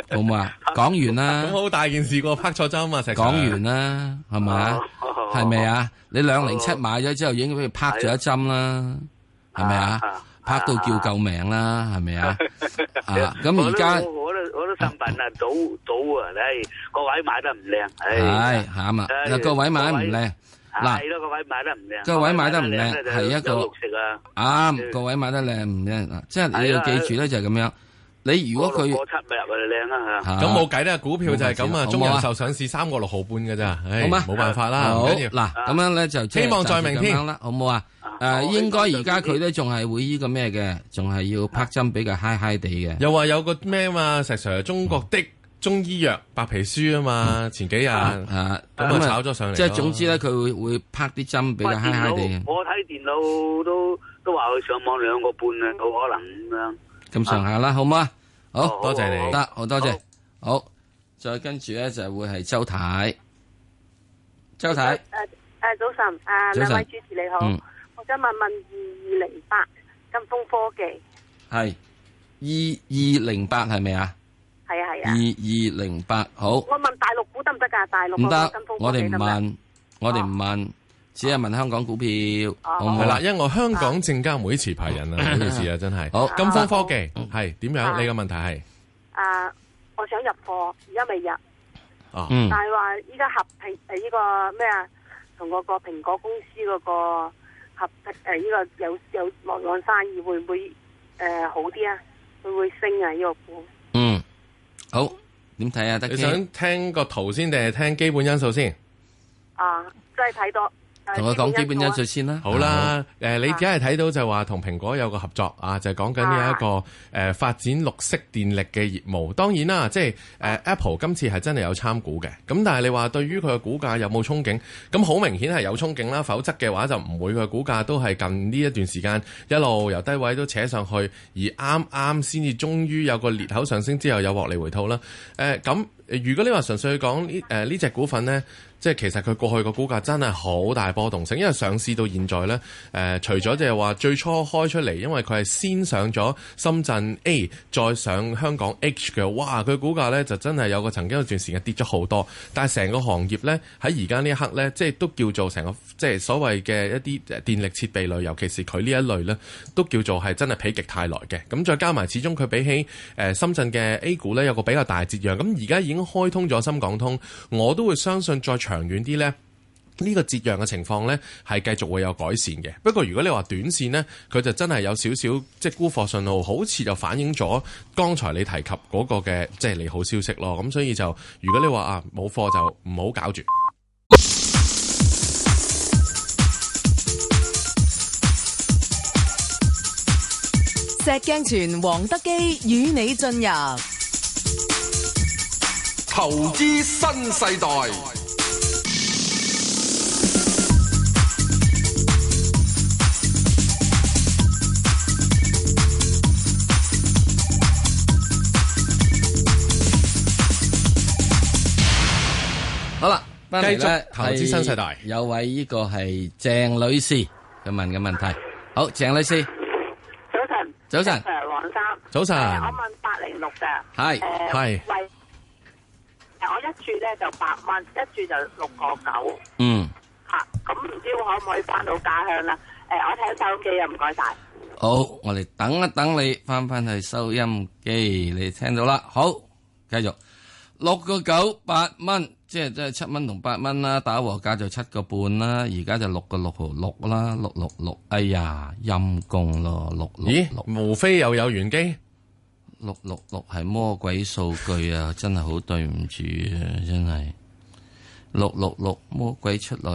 好唔好啊？講完啦，咁好大件事過拍錯針啊！成講完啦，係咪啊？係咪啊？你兩零七買咗之後，已經俾佢拍咗一針啦，係咪啊？拍到叫救命啦，係咪啊？啊！咁而家我我我我啲新品啊，倒倒啊！唉，各位買得唔靚，係吓嘛？嗱，各位買唔靚，嗱，各位買得唔靚，各位買得唔靚係一個啊，各位買得靚唔靚啊？即係你要記住咧，就係咁樣。你如果佢六七入咪靚啦吓，咁冇計啦，股票就係咁啊，中人壽上市三個六毫半嘅啫，唉，冇辦法啦。嗱，咁樣咧就希望在明天啦，好唔好啊？誒，應該而家佢都仲係會呢個咩嘅，仲係要拍針比較嗨嗨哋嘅。又話有個咩嘛，石 Sir，中國的中醫藥白皮書啊嘛，前幾日啊，咁咪炒咗上嚟，即係總之咧，佢會會拍啲針比較嗨嗨哋。我睇電腦都都話佢上網兩個半啊，好可能咁樣。咁上下啦，好嘛？好多謝你，得好多謝，好再跟住咧就會係周太，周太，誒誒早晨，誒兩位主持你好，我想問問二二零八金風科技，係二二零八係咪啊？係啊係啊，二二零八好。我問大陸股得唔得噶？大陸股金風科技得唔得？我哋唔問，我哋唔問。只係問香港股票係啦，因為我香港證監會持牌人啊，呢件事啊真係好，金峰科技係點樣？你個問題係啊，我想入貨，而家未入，但係話依家合蘋，誒呢個咩啊，同嗰個蘋果公司嗰個合，誒呢個有有兩岸生意會唔會，誒好啲啊？會唔會升啊？呢個股嗯，好點睇啊？你想聽個圖先定係聽基本因素先啊？即係睇到。同我講基本因素先啦，好啦，誒、啊，你而家係睇到就話同蘋果有個合作啊，啊，就係、是、講緊呢一個誒發展綠色電力嘅業務。當然啦，即係、啊、Apple 今次係真係有參股嘅。咁但係你話對於佢嘅股價有冇憧憬？咁好明顯係有憧憬啦，否則嘅話就唔會佢嘅股價都係近呢一段時間一路由低位都扯上去，而啱啱先至終於有個裂口上升之後有獲利回吐啦。誒、啊，咁、啊、如果你話純粹去講呢誒呢隻股份呢。即係其實佢過去個股價真係好大波動性，因為上市到現在呢，誒、呃，除咗就係話最初開出嚟，因為佢係先上咗深圳 A，再上香港 H 嘅，哇！佢股價呢就真係有個曾經有段時間跌咗好多。但係成個行業呢，喺而家呢一刻呢，即係都叫做成個即係所謂嘅一啲電力設備類，尤其是佢呢一類呢，都叫做係真係否極太耐嘅。咁、嗯、再加埋，始終佢比起誒、呃、深圳嘅 A 股呢，有個比較大折讓。咁而家已經開通咗深港通，我都會相信再長。長遠啲呢，呢、呢個折讓嘅情況呢，係繼續會有改善嘅。不過如果你話短線呢，佢就真係有少少即係沽貨信號，好似就反映咗剛才你提及嗰個嘅即係利好消息咯。咁所以就如果你話啊冇貨就唔好搞住。石鏡泉黃德基與你進入投資新世代。繼續投資新世代，有位依個係鄭女士佢問嘅問題。好，鄭女士，早晨，早晨，黃生，早晨，我問八零六嘅，係，係，喂，我一注咧就八蚊，一注就六個九，嗯，吓，咁唔知我可唔可以翻到家鄉啦？誒，我聽收音機啊，唔該晒。好，我哋等一等你，翻翻去收音機，你聽到啦。好，繼續六個九八蚊。即係即係七蚊同八蚊啦，打和價就七個半啦，而家就六個六毫六啦，六六六，哎呀，陰公咯，六六六，咦？無非又有玄機，六六六係魔鬼數據啊， 真係好對唔住啊，真係六六六魔鬼出來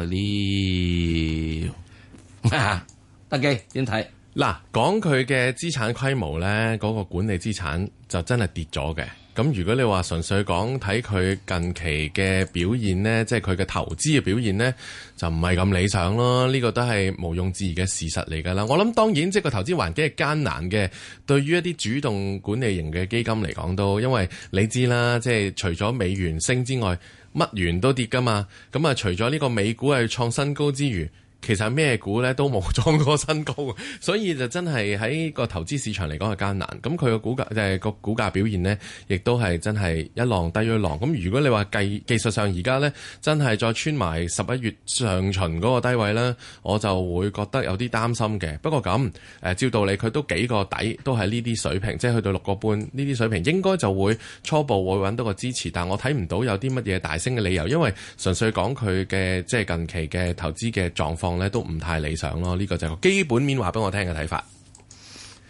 啦， 得機點睇？嗱，講佢嘅資產規模咧，嗰、嗰個管理資產就真係跌咗嘅。咁如果你話純粹講睇佢近期嘅表現呢，即係佢嘅投資嘅表現呢，就唔係咁理想咯。呢個都係毋庸置疑嘅事實嚟㗎啦。我諗當然即係個投資環境係艱難嘅，對於一啲主動管理型嘅基金嚟講都，因為你知啦，即係除咗美元升之外，乜元都跌㗎嘛。咁啊，除咗呢個美股係創新高之餘，其實咩股咧都冇撞過新高，所以就真係喺個投資市場嚟講係艱難。咁佢嘅股價誒個、呃、股價表現呢，亦都係真係一浪低於一浪。咁如果你話計技，技術上而家呢，真係再穿埋十一月上旬嗰個低位咧，我就會覺得有啲擔心嘅。不過咁誒、呃，照道理佢都幾個底都係呢啲水平，即係去到六個半呢啲水平，應該就會初步會揾到個支持。但我睇唔到有啲乜嘢大升嘅理由，因為純粹講佢嘅即係近期嘅投資嘅狀況。咧都唔太理想咯，呢、這個就係個基本面話俾我聽嘅睇法。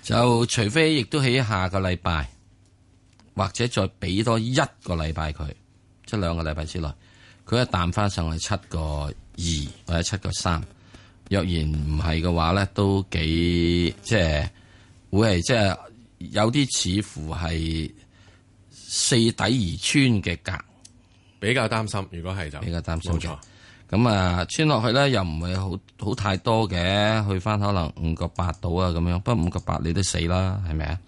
就除非亦都喺下個禮拜，或者再俾多一個禮拜佢，即係兩個禮拜之內，佢一彈翻上去七個二或者七個三。若然唔係嘅話咧，都幾即係會係即係有啲似乎係四底而穿嘅格，比較擔心。如果係就比較擔心嘅。咁啊，穿落去咧又唔會好好太多嘅，去返可能五個八度啊咁樣，不過五個八你都死啦，係咪啊？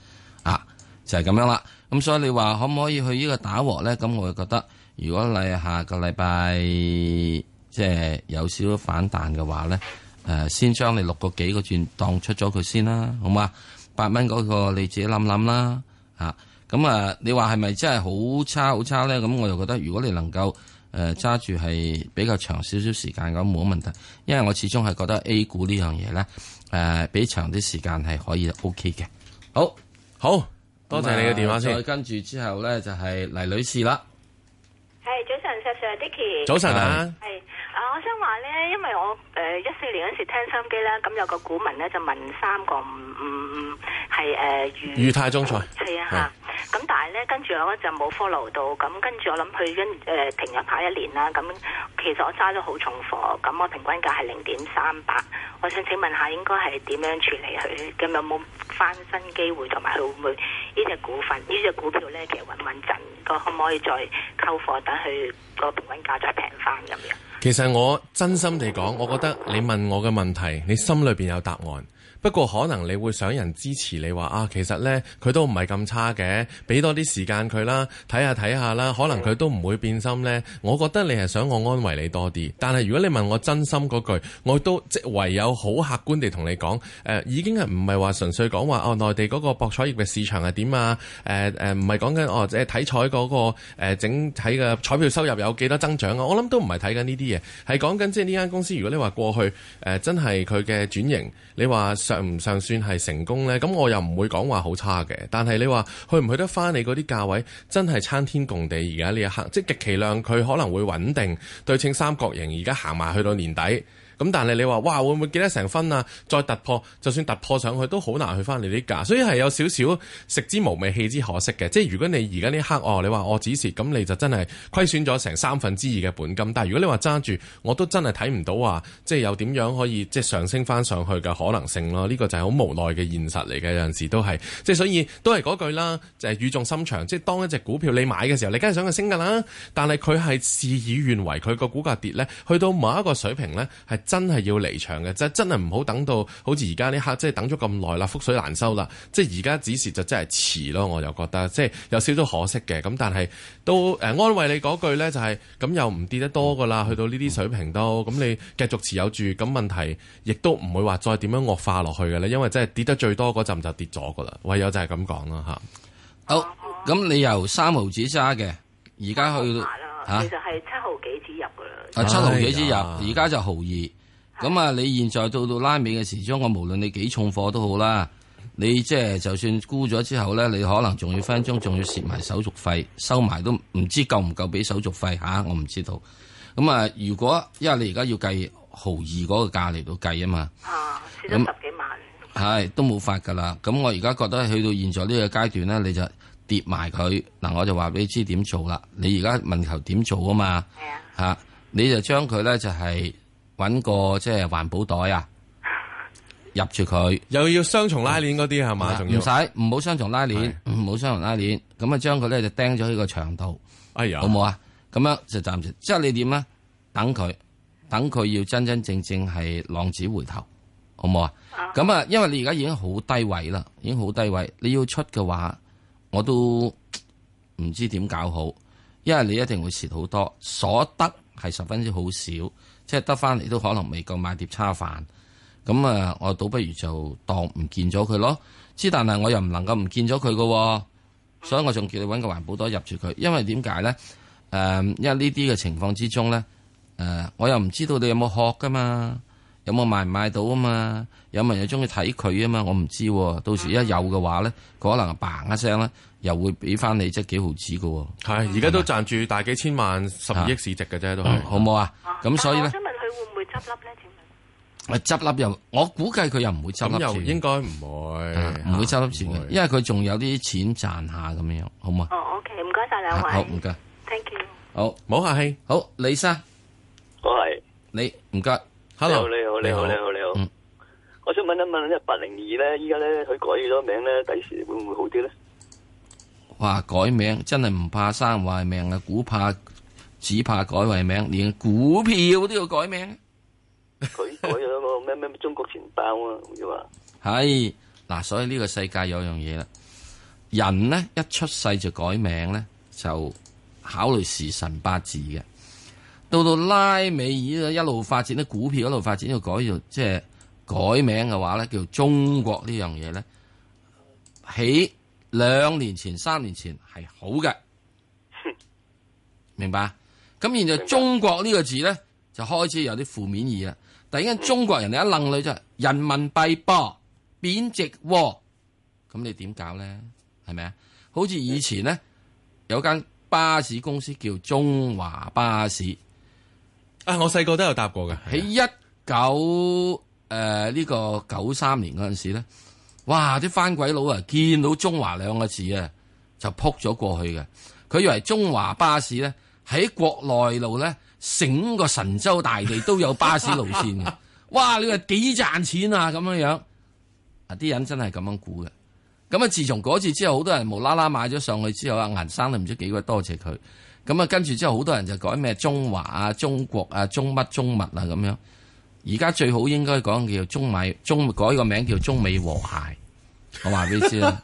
啊，就係咁樣啦。咁所以你話可唔可以去呢個打鑊咧？咁我就覺得，如果你下個禮拜即係有少少反彈嘅話咧，誒、呃，先將你六個幾個轉當出咗佢先啦，好嘛？八蚊嗰個你自己諗諗啦，啊，咁啊，你話係咪真係好差好差咧？咁我又覺得，如果你能夠，誒，揸住係比較長少少時間咁冇問題，因為我始終係覺得 A 股呢樣嘢咧，誒，比長啲時間係可以 OK 嘅。好，好多謝你嘅電話先。先跟住之後咧就係黎女士啦。係、hey, 早晨，Sir, Sir Dicky。早晨啊。係，啊，我想話咧，因為我誒一四年嗰時聽收音機啦，咁有個股民咧就問三個五五五係誒，裕、嗯、裕、uh, 泰中菜。係、uh, 啊吓。咁但係咧，跟住我咧就冇 follow 到，咁跟住我諗佢跟誒停入下一年啦。咁其實我揸咗好重貨，咁我平均價係零點三八。我想請問下，應該係點樣處理佢？咁有冇翻身機會？同埋佢會唔會呢隻股份、呢隻股票咧，其實穩唔穩陣？我可唔可以再溝貨等佢個平均價再平翻咁樣？其實我真心地講，我覺得你問我嘅問題，你心裏邊有答案。不過可能你會想人支持你話啊，其實呢，佢都唔係咁差嘅，俾多啲時間佢啦，睇下睇下啦，可能佢都唔會變心呢。我覺得你係想我安慰你多啲。但係如果你問我真心句，我都即係唯有好客觀地同你講，誒、呃、已經係唔係話純粹講話哦內地嗰個博彩業嘅市場係點啊？誒誒唔係講緊哦即係體彩嗰、嗰個、呃、整體嘅彩票收入有幾多增長啊？我諗都唔係睇緊呢啲嘢，係講緊即係呢間公司如果你話過去誒、呃、真係佢嘅轉型，你話。尚唔尚算係成功呢，咁我又唔會講話好差嘅。但係你話去唔去得翻？你嗰啲價位真係參天共地，而家呢一刻，即係極其量佢可能會穩定對稱三角形，而家行埋去到年底。咁但係你話哇會唔會記得成分啊？再突破就算突破上去都好難去翻你啲價，所以係有少少食之無味棄之可惜嘅。即係如果你而家呢刻哦，你話我止蝕咁，你就真係虧損咗成三分之二嘅本金。但係如果你話揸住，我都真係睇唔到話，即係有點樣可以即係上升翻上去嘅可能性咯。呢、這個就係好無奈嘅現實嚟嘅。有陣時都係即係，所以都係嗰句啦，就係、是、語重心長。即係當一隻股票你買嘅時候，你梗係想佢升㗎啦，但係佢係事與願違，佢個股價跌咧，去到某一個水平咧係。真係要離場嘅，就真係唔好等到好似而家呢刻，即係等咗咁耐啦，覆水難收啦。即係而家此時就真係遲咯，我就覺得，即係有少少可惜嘅。咁但係都誒、呃、安慰你嗰句咧，就係、是、咁又唔跌得多噶啦，去到呢啲水平都，咁、嗯嗯、你繼續持有住，咁問題亦都唔會話再點樣惡化落去嘅咧，因為真係跌得最多嗰陣就跌咗噶啦，唯有就係咁講咯嚇。好、嗯，咁、哦、你由三毫子揸嘅，而家去嚇，啊、其實係七毫幾子入噶啦、啊。七毫幾子入，而家就毫二。哎呀啊咁啊！你現在到到拉尾嘅時，將我無論你幾重貨都好啦，你即係就算沽咗之後咧，你可能仲要分鐘，仲要蝕埋手續費，收埋都唔知夠唔夠俾手續費嚇、啊，我唔知道。咁啊，如果因為你而家要計毫二嗰個價嚟到計啊嘛，啊蝕咗十幾萬，係都冇法噶啦。咁我而家覺得去到現在呢個階段咧，你就跌埋佢嗱，我就話俾你知點做啦。你而家問求點做啊嘛，係的啊嚇，你就將佢咧就係、是。揾個即係環保袋啊，入住佢又要雙重拉鏈嗰啲係嘛？仲要唔使唔好雙重拉鏈，唔好雙重拉鏈咁啊，將佢咧就釘咗喺個牆度，哎好冇啊？咁樣就暫時、哎、呀即係你點咧？等佢等佢要真真正正係浪子回頭，好冇啊？咁啊，因為你而家已經好低位啦，已經好低位，你要出嘅話，我都唔知點搞好，因為你一定會蝕好多，所得係十分之好少。即係得翻嚟都可能未夠買碟，叉飯，咁啊，我倒不如就當唔見咗佢咯。之但係我又唔能夠唔見咗佢噶，所以我仲叫你搵個環保袋入住佢。因為點解咧？誒，因為呢啲嘅情況之中咧，誒，我又唔知道你有冇學噶嘛，有冇賣唔賣到啊嘛？有冇人又中意睇佢啊嘛？我唔知。到時一有嘅話咧，佢可能嘭一聲咧，又會俾翻你即係幾毫子噶。係而家都賺住大幾千萬、十億市值嘅啫，都好唔好啊？咁所以咧。咪執笠又，我估計佢又唔會執笠。咁又應該唔會，唔會執笠錢嘅，因為佢仲有啲錢賺下咁樣樣，好嘛？哦，OK，唔該晒兩位。好唔該，Thank you。好，唔好客氣。好，李生，我係你，唔該。Hello，你好，你好，你好，你好。嗯，我想問一問咧，八零二咧，依家咧佢改咗名咧，第時會唔會好啲咧？哇，改名真係唔怕生壞命啊！股怕，只怕改為名，連股票都要改名。佢 改咗個咩咩中國錢包啊咁樣話係嗱，所以呢個世界有樣嘢啦，人咧一出世就改名咧，就考慮時辰八字嘅。到到拉美以一路發展啲股票一路發展，又改又即係改名嘅話咧，叫中國呢樣嘢咧，喺兩年前、三年前係好嘅， 明白？咁然之後中國呢個字咧，就開始有啲負面意啦。突然間中國人哋一愣你就人民幣波貶值喎，咁你點搞咧？係咪啊？好似以前咧，有間巴士公司叫中華巴士，啊，我細個都有搭過嘅。喺一九誒呢個九三年嗰陣時咧，哇！啲翻鬼佬啊，見到中華兩個字啊，就撲咗過去嘅。佢以為中華巴士咧喺國內路咧。整個神州大地都有巴士路線， 哇！你話幾賺錢啊？咁樣樣啊，啲人真係咁樣估嘅。咁啊，自從嗰次之後，好多人無啦啦買咗上去之後，阿銀生都唔知幾鬼多謝佢。咁啊，跟住之後好多人就改咩中華啊、中國啊、中乜中物啊咁樣。而家最好應該講叫中美中改個名叫中美和諧，我話俾你知啦。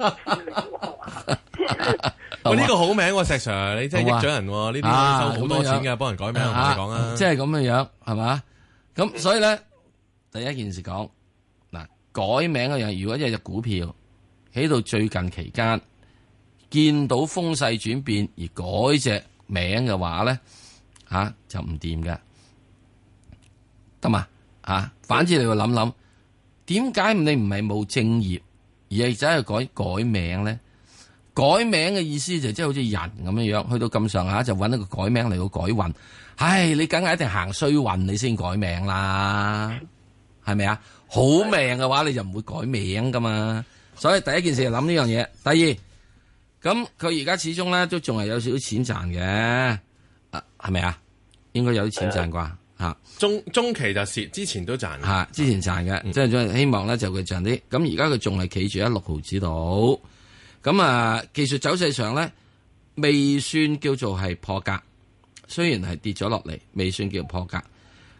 喂，呢個好名喎，石 Sir，你真係益咗人，呢啲收好多錢嘅，幫人改名，我同你講啦，即係咁嘅樣，係嘛？咁所以咧，第一件事講嗱，改名嘅人，如果一隻股票喺度最近期間見到風勢轉變而改隻名嘅話咧，吓就唔掂噶，得嘛？吓，反之你去諗諗，點解你唔係冇正業，而係只係改改名咧？改名嘅意思就即係好似人咁樣樣，去到咁上下就揾一個改名嚟到改運。唉，你梗係一定行衰運，你先改名啦，係咪啊？好命嘅話，你就唔會改名噶嘛。所以第一件事就諗呢樣嘢。第二，咁佢而家始終咧都仲係有少少錢賺嘅，啊，係咪啊？應該有啲錢賺啩嚇。哎、呀是中中期就蝕，之前都賺。嚇，之前賺嘅，即係、嗯、希望咧就佢賺啲。咁而家佢仲係企住喺六毫子度。咁啊，技術走勢上咧，未算叫做係破格，雖然係跌咗落嚟，未算叫做破格。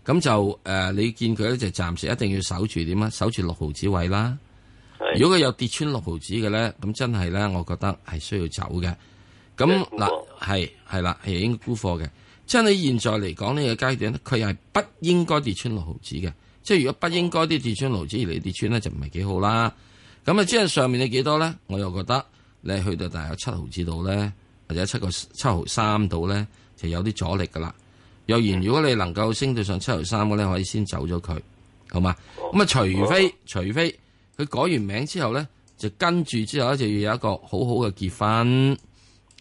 咁就誒、呃，你見佢咧就是、暫時一定要守住點啊？守住六毫子位啦。的如果佢有跌穿六毫子嘅咧，咁真係咧，我覺得係需要走嘅。咁嗱，係係的啦，係應該沽貨嘅。即係喺現在嚟講呢個階段，佢係不應該跌穿六毫子嘅。即係如果不應該啲跌穿六毫子而嚟跌穿咧，就唔係幾好啦。咁啊，即係上面你幾多咧？我又覺得。你去到大約七毫子度咧，或者七個七毫三度咧，就有啲阻力噶啦。若然，如果你能夠升到上七毫三嘅咧，可以先走咗佢，好嘛？咁啊，除非除非佢改完名之後咧，就跟住之後咧，就要有一個好好嘅結婚，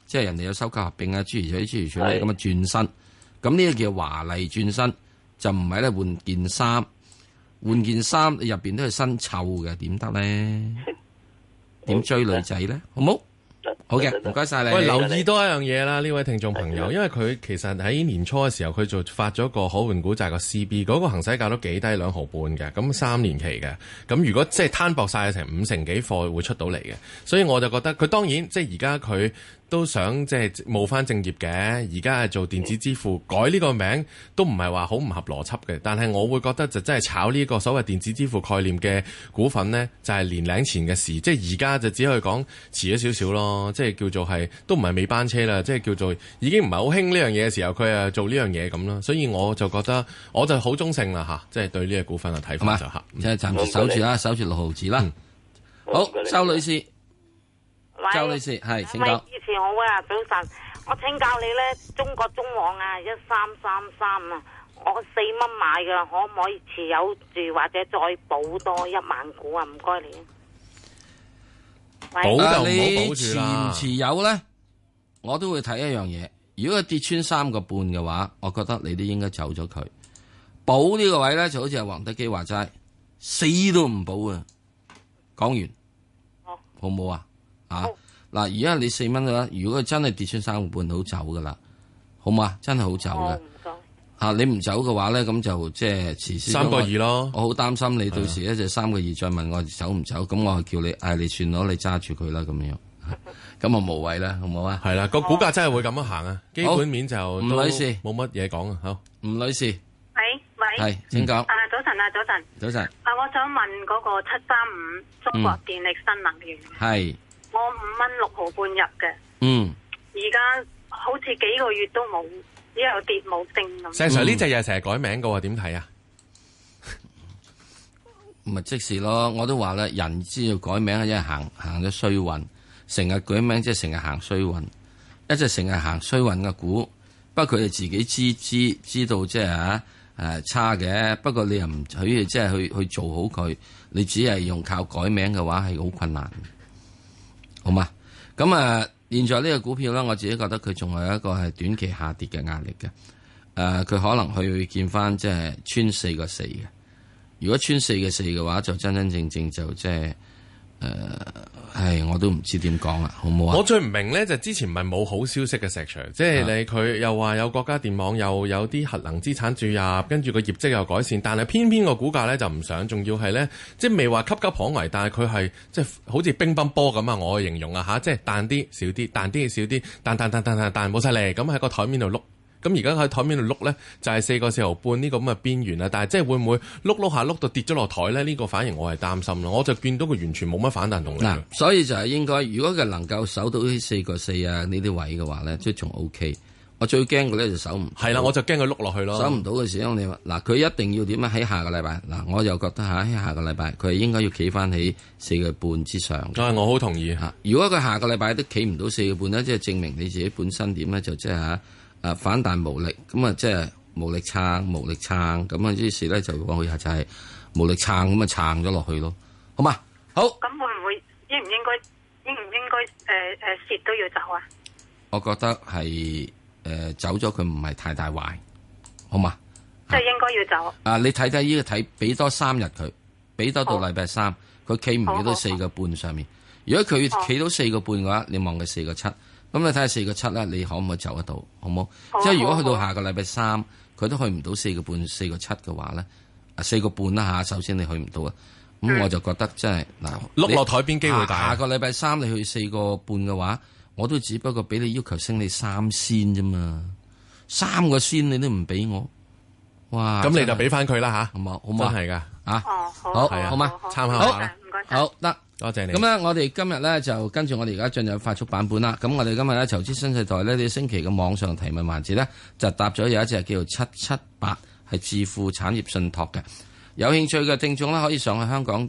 即係人哋有收購合併啊，諸如此諸如此類咁啊轉身，咁呢個叫華麗轉身，就唔係咧換件衫，換件衫入邊都係新臭嘅，點得咧？點追女仔咧，好唔好？好嘅，唔該晒你。喂，留意多一樣嘢啦，呢位聽眾朋友，因為佢其實喺年初嘅時候，佢就發咗個可換股債個 CB，嗰個行使價都幾低，兩毫半嘅，咁三年期嘅，咁如果即係攤薄晒成五成幾貨會出到嚟嘅，所以我就覺得佢當然即係而家佢。都想即係冇翻正業嘅，而家係做電子支付，嗯、改呢個名都唔係話好唔合邏輯嘅。但係我會覺得就真係炒呢個所謂電子支付概念嘅股份呢，就係、是、年零前嘅事。即係而家就只可以講遲咗少少咯，即、就、係、是、叫做係都唔係尾班車啦，即、就、係、是、叫做已經唔係好興呢樣嘢嘅時候，佢誒做呢樣嘢咁啦。所以我就覺得我就好中性啦吓，即、就、係、是、對呢個股份嘅睇法就嚇，即係、嗯、暫時守住啦，守住六毫子啦。好，周女士。好好周女士係，請教你。以前好啊，早晨。我請教你咧，中國忠旺啊，一三三三啊，我四蚊買嘅，可唔可以持有住或者再補多一萬股啊？唔該你。保就唔保、啊、持唔持有咧？我都會睇一樣嘢。如果佢跌穿三個半嘅話，我覺得你都應該走咗佢。補呢個位咧，就好似阿黃德基話齋，死都唔補啊。講完。好。好冇啊？啊嗱，而家你四蚊嘅啦。如果真係跌穿三個半，好走噶啦，好嘛？真係好走噶。吓你唔走嘅話咧，咁就即係遲先三個二咯，我好擔心你到時咧就三個二再問我走唔走，咁我叫你唉、啊、你算咯，你揸住佢啦咁樣，咁啊無謂啦，好唔好啊？係啦，個股價真係會咁樣行啊。基本面就吳女士冇乜嘢講啊，好。吳、呃、女士，喂喂，係，請講、啊。早晨啊，早晨。早晨。啊，我想問嗰個七三五中國電力新能源。係、嗯。我五蚊六毫半入嘅，嗯，而家好似幾個月都冇，只有跌冇定。咁，嗯。正常呢隻嘢，成日改名噶喎，點睇啊？咪 即時咯，我都話啦，人只要改名，因為即係行行咗衰運，成日改名即係成日行衰運，一隻成日行衰運嘅股，不過佢哋自己知知知道即係吓誒差嘅，不過你又唔可以即係去去做好佢，你只係用靠改名嘅話係好困難。好嘛？咁啊，現在呢個股票咧，我自己覺得佢仲係一個係短期下跌嘅壓力嘅。誒、呃，佢可能去見翻即係穿四個四嘅。如果穿四個四嘅話，就真真正正就即、是、係。誒，係、uh、我都唔知點講啦，好唔好啊？我最唔明呢，就之前唔係冇好消息嘅石場，即係你佢又話有國家電網又有啲核能資產注入，跟住個業績又改善，但係偏偏個股價呢，就唔上，仲要係呢，即係未話岌岌可危，但係佢係即係好似乒乓波咁啊！我形容啊吓，即係彈啲少啲，彈啲少啲，彈彈彈彈彈彈冇晒嚟，咁喺個台面度碌。咁而家喺台面度碌咧，就係、是、四個四毫半呢個咁嘅邊緣啦。但係，即係會唔會碌碌下碌到跌咗落台咧？呢、這個反而我係擔心咯。我就見到佢完全冇乜反彈動力。嗱、啊，所以就係應該，如果佢能夠守到四個四啊呢啲位嘅話咧，即係仲 OK。我最驚嘅咧就守唔到。係啦，我就驚佢碌落去咯。守唔到嘅時候，你話嗱，佢、啊、一定要點啊？喺下個禮拜嗱，我又覺得嚇喺下個禮拜佢應該要企翻喺四個半之上。啊，啊我好同意嚇、啊。如果佢下個禮拜都企唔到四個半咧，即係證明你自己本身點咧，就即係嚇。就就是啊啊！反彈無力，咁啊，即係無力撐，無力撐，咁啊，於是咧就講，佢下就係無力撐，咁啊撐咗落去咯。好嘛？好。咁會唔會應唔應該應唔應該誒誒蝕都要走啊？我覺得係誒、呃、走咗佢唔係太大壞，好嘛？即係應該要走。啊！你睇睇呢個睇，俾多三日佢，俾多到禮拜三，佢企唔到到四個半上面。如果佢企到四個半嘅話，你望佢四個七。咁你睇下四個七啦，你可唔可以走得到，好冇？即係如果去到下個禮拜三，佢都去唔到四個半、四個七嘅話咧，四個半啦吓，首先你去唔到啊。咁我就覺得真係嗱，碌落台邊機會大。下個禮拜三你去四個半嘅話，我都只不過俾你要求升你三仙啫嘛，三個仙你都唔俾我，哇！咁你就俾翻佢啦吓，好唔好？真係噶吓！好，好嘛，撐下啦。好得，多謝你。咁咧，我哋今日咧就跟住我哋而家進入快速版本啦。咁我哋今日咧投資新世代呢，你星期嘅網上提問環節咧，就答咗有一隻叫做七七八，係置富產業信託嘅。有興趣嘅聽眾呢，可以上去香港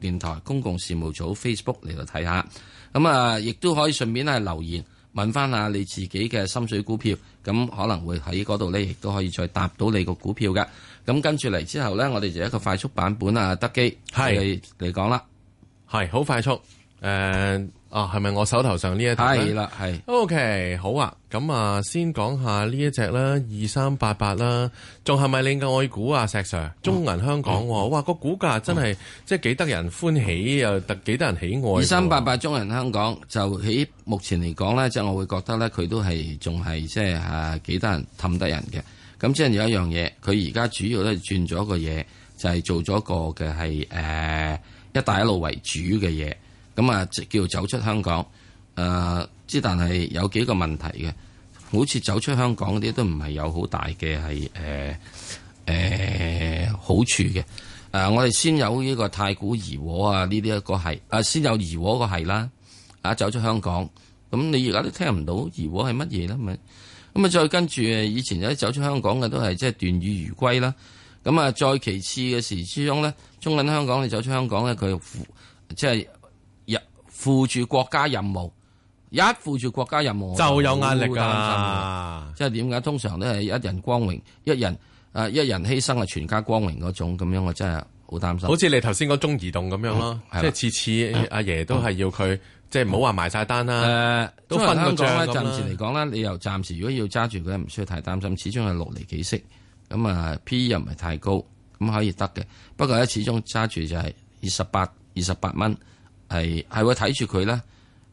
電台公共事務組 Facebook 嚟到睇下。咁啊，亦都可以順便咧留言問翻下你自己嘅心水股票，咁可能會喺嗰度呢，亦都可以再答到你個股票嘅。咁跟住嚟之後咧，我哋就一個快速版本啊，德基，嚟嚟講啦，係好快速。誒、呃、啊，係咪我手頭上呢一隻？係啦，係。O、okay，OK，好啊。咁啊，先講下呢一隻啦，二三八八啦，仲係咪你嘅愛股啊？石 Sir，中銀香港喎、嗯，哇，個股價真係、嗯、即係幾得人歡喜又特幾得人喜愛。二三八八中銀香港就喺目前嚟講咧，即係我會覺得咧，佢都係仲係即係啊幾得人氹得人嘅。嗯。咁之後有一樣嘢，佢而家主要咧轉咗個嘢，就係、是、做咗個嘅係誒，一帶一路為主嘅嘢。咁啊，即叫走出香港。誒、啊，之但係有幾個問題嘅，好似走出香港嗰啲都唔係有好大嘅係誒誒好處嘅。誒、啊，我哋先有呢個太古怡和啊，呢啲一個係啊，先有怡和個係啦。啊，走出香港，咁你而家都聽唔到怡和係乜嘢啦？咪？咁啊，再跟住以前有啲走出香港嘅都係即係斷羽如歸啦。咁啊，再其次嘅時之中咧，中銀香港你走出香港咧，佢即係負負住國家任務，一負住國家任務我就，就有壓力噶、啊。即係點解？通常都係一人光榮，一人啊，一人犧牲啊，全家光榮嗰種。咁樣我真係好擔心。好似你頭先講中移動咁樣咯，嗯、即係次次阿爺都係要佢。嗯即係唔好話埋晒單啦，呃、咁份香港啦。暫時嚟講啦，你又暫時如果要揸住佢，唔需要太擔心。始終係六厘幾息，咁啊 P 又唔係太高，咁可以得嘅。不過咧，始終揸住就係二十八二十八蚊，係係會睇住佢啦。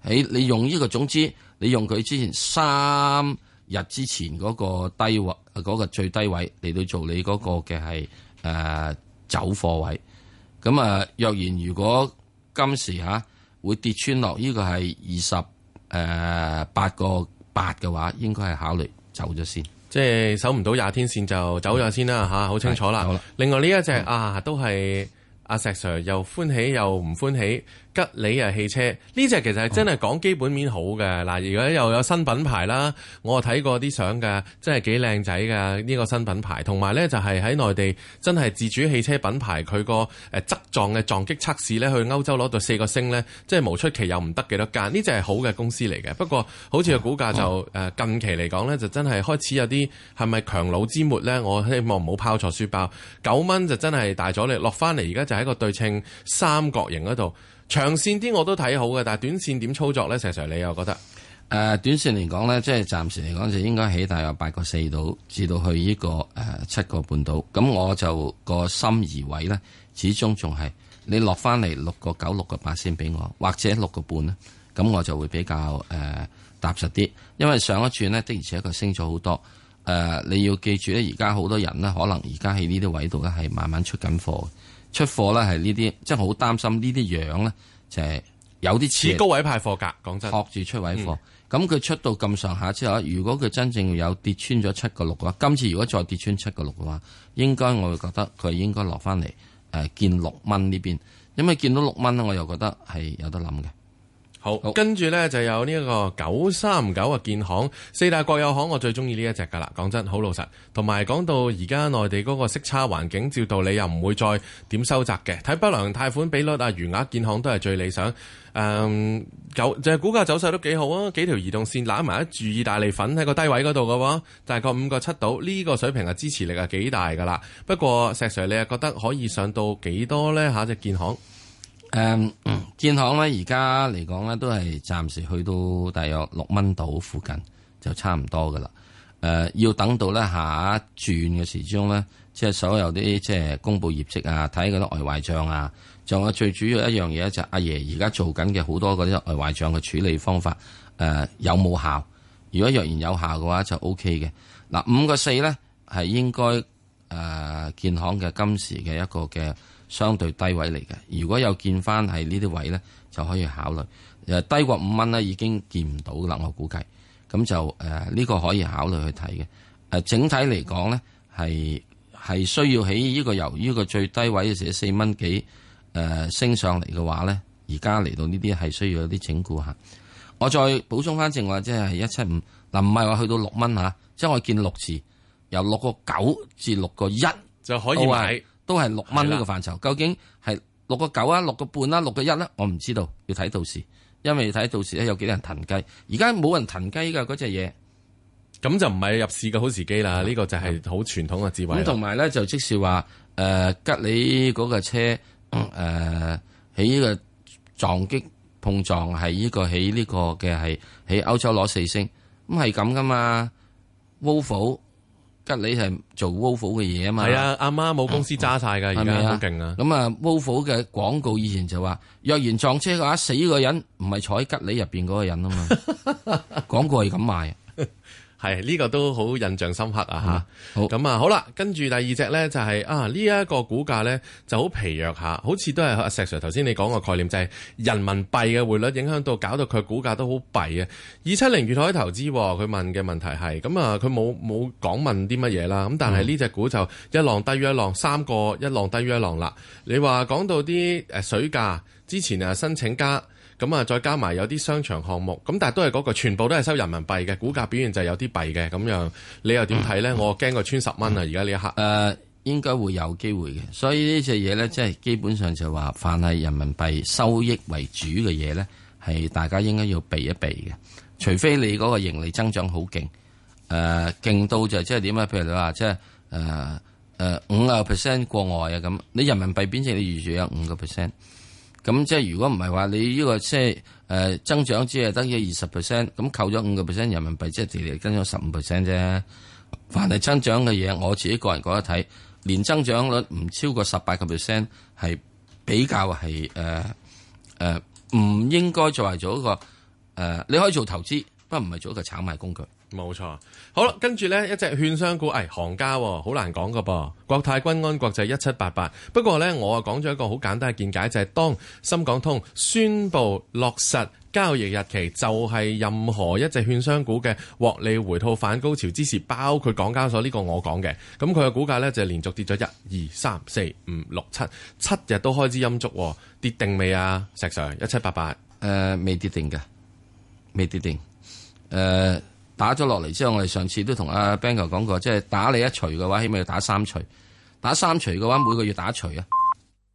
喺你用呢個總之，你用佢之前三日之前嗰個低位，嗰、嗰個最低位嚟到做你嗰個嘅係誒走貨位。咁啊，若然如果今時吓。啊會跌穿落呢、呢個係二十誒八個八嘅話，應該係考慮走咗先，即係守唔到廿天線就走咗先啦吓，好、嗯啊、清楚啦。另外呢一隻是啊，都係阿石 Sir 又歡喜又唔歡喜。吉利啊，汽車呢隻、這個、其實係真係講基本面好嘅嗱，如果、哦、又有新品牌啦，我睇過啲相㗎，真係幾靚仔㗎呢個新品牌，同埋呢，就係喺內地真係自主汽車品牌，佢個誒側撞嘅撞擊測試呢，去歐洲攞到四個星呢，即係無出奇又唔得幾多間，呢隻係好嘅公司嚟嘅。不過好似個股價就誒、哦、近期嚟講呢，就真係開始有啲係咪強弩之末呢？我希望唔好拋錯書包，九蚊就真係大咗你落翻嚟，而家就喺個對稱三角形嗰度。長線啲我都睇好嘅，但係短線點操作咧？石 Sir 你又覺得？誒，短線嚟講咧，即係暫時嚟講就應該起大約八個四到至到去呢、呢個誒七、呃、個半度。咁我就、嗰個心儀位咧，始終仲係你落翻嚟六個九、六個八先俾我，或者六個半咧，咁我就會比較誒、呃、踏實啲。因為上一轉咧的而且確升咗好多。誒、呃，你要記住咧，而家好多人咧，可能而家喺呢啲位度咧係慢慢出緊貨。出貨咧係呢啲，即係好擔心呢啲樣咧，就係有啲似高位派貨㗎，講真托住出位貨。咁佢、嗯、出到咁上下之後，如果佢真正有跌穿咗七個六嘅話，今次如果再跌穿七個六嘅話，應該我會覺得佢應該落翻嚟誒見六蚊呢邊，因為見到六蚊咧，我又覺得係有得諗嘅。好，跟住呢就有呢一個九三九嘅建行四大國有行，我最中意呢一隻噶啦。講真，好老實。同埋講到而家內地嗰個息差環境，照道理又唔會再點收窄嘅。睇不良貸款比率啊，餘額建行都係最理想。誒、嗯，九就係、是、股價走勢都幾好啊，幾條移動綫攬埋一住意大利粉喺個低位嗰度嘅話，大概五個七度。呢、這個水平嘅支持力係幾大噶啦。不過石 Sir 你又覺得可以上到幾多呢？下隻建行？誒，um, 建行咧而家嚟講咧，都係暫時去到大約六蚊度附近就差唔多噶啦。誒、呃，要等到咧下一轉嘅時鐘咧，即係所有啲即係公布業績啊，睇嗰啲外壞賬啊，仲有最主要一樣嘢咧，就係、阿爺而家做緊嘅好多嗰啲外壞賬嘅處理方法，誒、呃，有冇效？如果若然有效嘅話就 O K 嘅。嗱、呃，五個四咧係應該誒、呃、建行嘅今時嘅一個嘅。相對低位嚟嘅，如果有見翻係呢啲位咧，就可以考慮。誒低過五蚊咧已經見唔到啦，我估計。咁就誒呢、呃呢個可以考慮去睇嘅。誒、呃、整體嚟講咧，係係需要喺呢個由呢個最低位嘅時四蚊幾誒升上嚟嘅話咧，而家嚟到呢啲係需要有啲整固下。我再補充翻正話，即係一七五嗱，唔係話去到六蚊嚇，即、啊、係、即係、我見六次由六個九至六個一就可以。高都係六蚊呢個範疇，的究竟係六個九啊，六個半啦，六個一啦，我唔知道，要睇到時，因為睇到時咧有幾多人騰雞，而家冇人騰雞噶嗰隻嘢，咁就唔係入市嘅好時機啦，呢、嗯、個就係好傳統嘅智慧。咁同埋咧就即是話，誒、呃、吉利嗰個車，誒喺呢個撞擊碰撞係呢個喺呢、這個嘅係喺歐洲攞四星，咁係咁噶嘛？Wolf。吉利係做沃爾沃嘅嘢啊嘛，係啊，阿媽冇公司揸晒噶，而家咁勁啊，咁啊，沃爾沃嘅廣告以前就話，若然撞車嘅話，死嘅人唔係坐喺吉利入邊嗰個人啊嘛，廣告係咁賣。係呢、這個都好印象深刻啊！吓、嗯，咁啊好啦，跟住第二隻呢，就係、是、啊呢一、這個股價呢就好疲弱下，好似都係阿石 Sir 頭先你講個概念，就係、是、人民幣嘅匯率影響到，搞到佢股價都好弊啊！二七零粵海投資、啊，佢問嘅問題係咁啊，佢冇冇講問啲乜嘢啦？咁但係呢隻股就一浪低於一浪，三個一浪低於一浪啦。你話講到啲誒水價之前啊申請加。咁啊，再加埋有啲商場項目，咁但係都係嗰、嗰個，全部都係收人民幣嘅，股價表現就有啲弊嘅咁樣，你又點睇咧？嗯、我驚個穿十蚊啊！而家呢下誒應該會有機會嘅，所以呢隻嘢咧，即係基本上就話，凡係人民幣收益為主嘅嘢咧，係大家應該要避一避嘅，除非你嗰個盈利增長好勁，誒、呃、勁到就係、即係點啊？譬如你話即係誒誒五啊 percent 過外啊咁，你人民幣變成你預住有五個 percent。咁即係如果唔係話你呢、這個即係誒增長只係等於二十 percent，咁扣咗五個 percent 人民幣，即係地利跟咗十五 percent 啫。凡係增長嘅嘢，我自己個人覺得睇，年增長率唔超過十八個 percent 係比較係誒誒唔應該作為做一個誒、呃、你可以做投資，不過唔係做一個炒賣工具。冇錯，好啦，跟住呢，一隻券商股，誒、哎，行家好難講噶噃，國泰君安國際一七八八。不過呢，我啊講咗一個好簡單嘅見解，就係當深港通宣布落實交易日期，就係任何一隻券商股嘅獲利回吐反高潮之時，包括港交所呢個我講嘅。咁佢嘅股價呢，就係連續跌咗一、二、三、四、五、六、七七日都開支陰燭。跌定未啊？石 Sir 一七八八誒，未跌定嘅，未跌定誒。呃打咗落嚟之後，我哋上次都同阿 Ben 哥講過，即係打你一錘嘅話，起碼要打三錘，打三錘嘅話，每個月打一錘啊。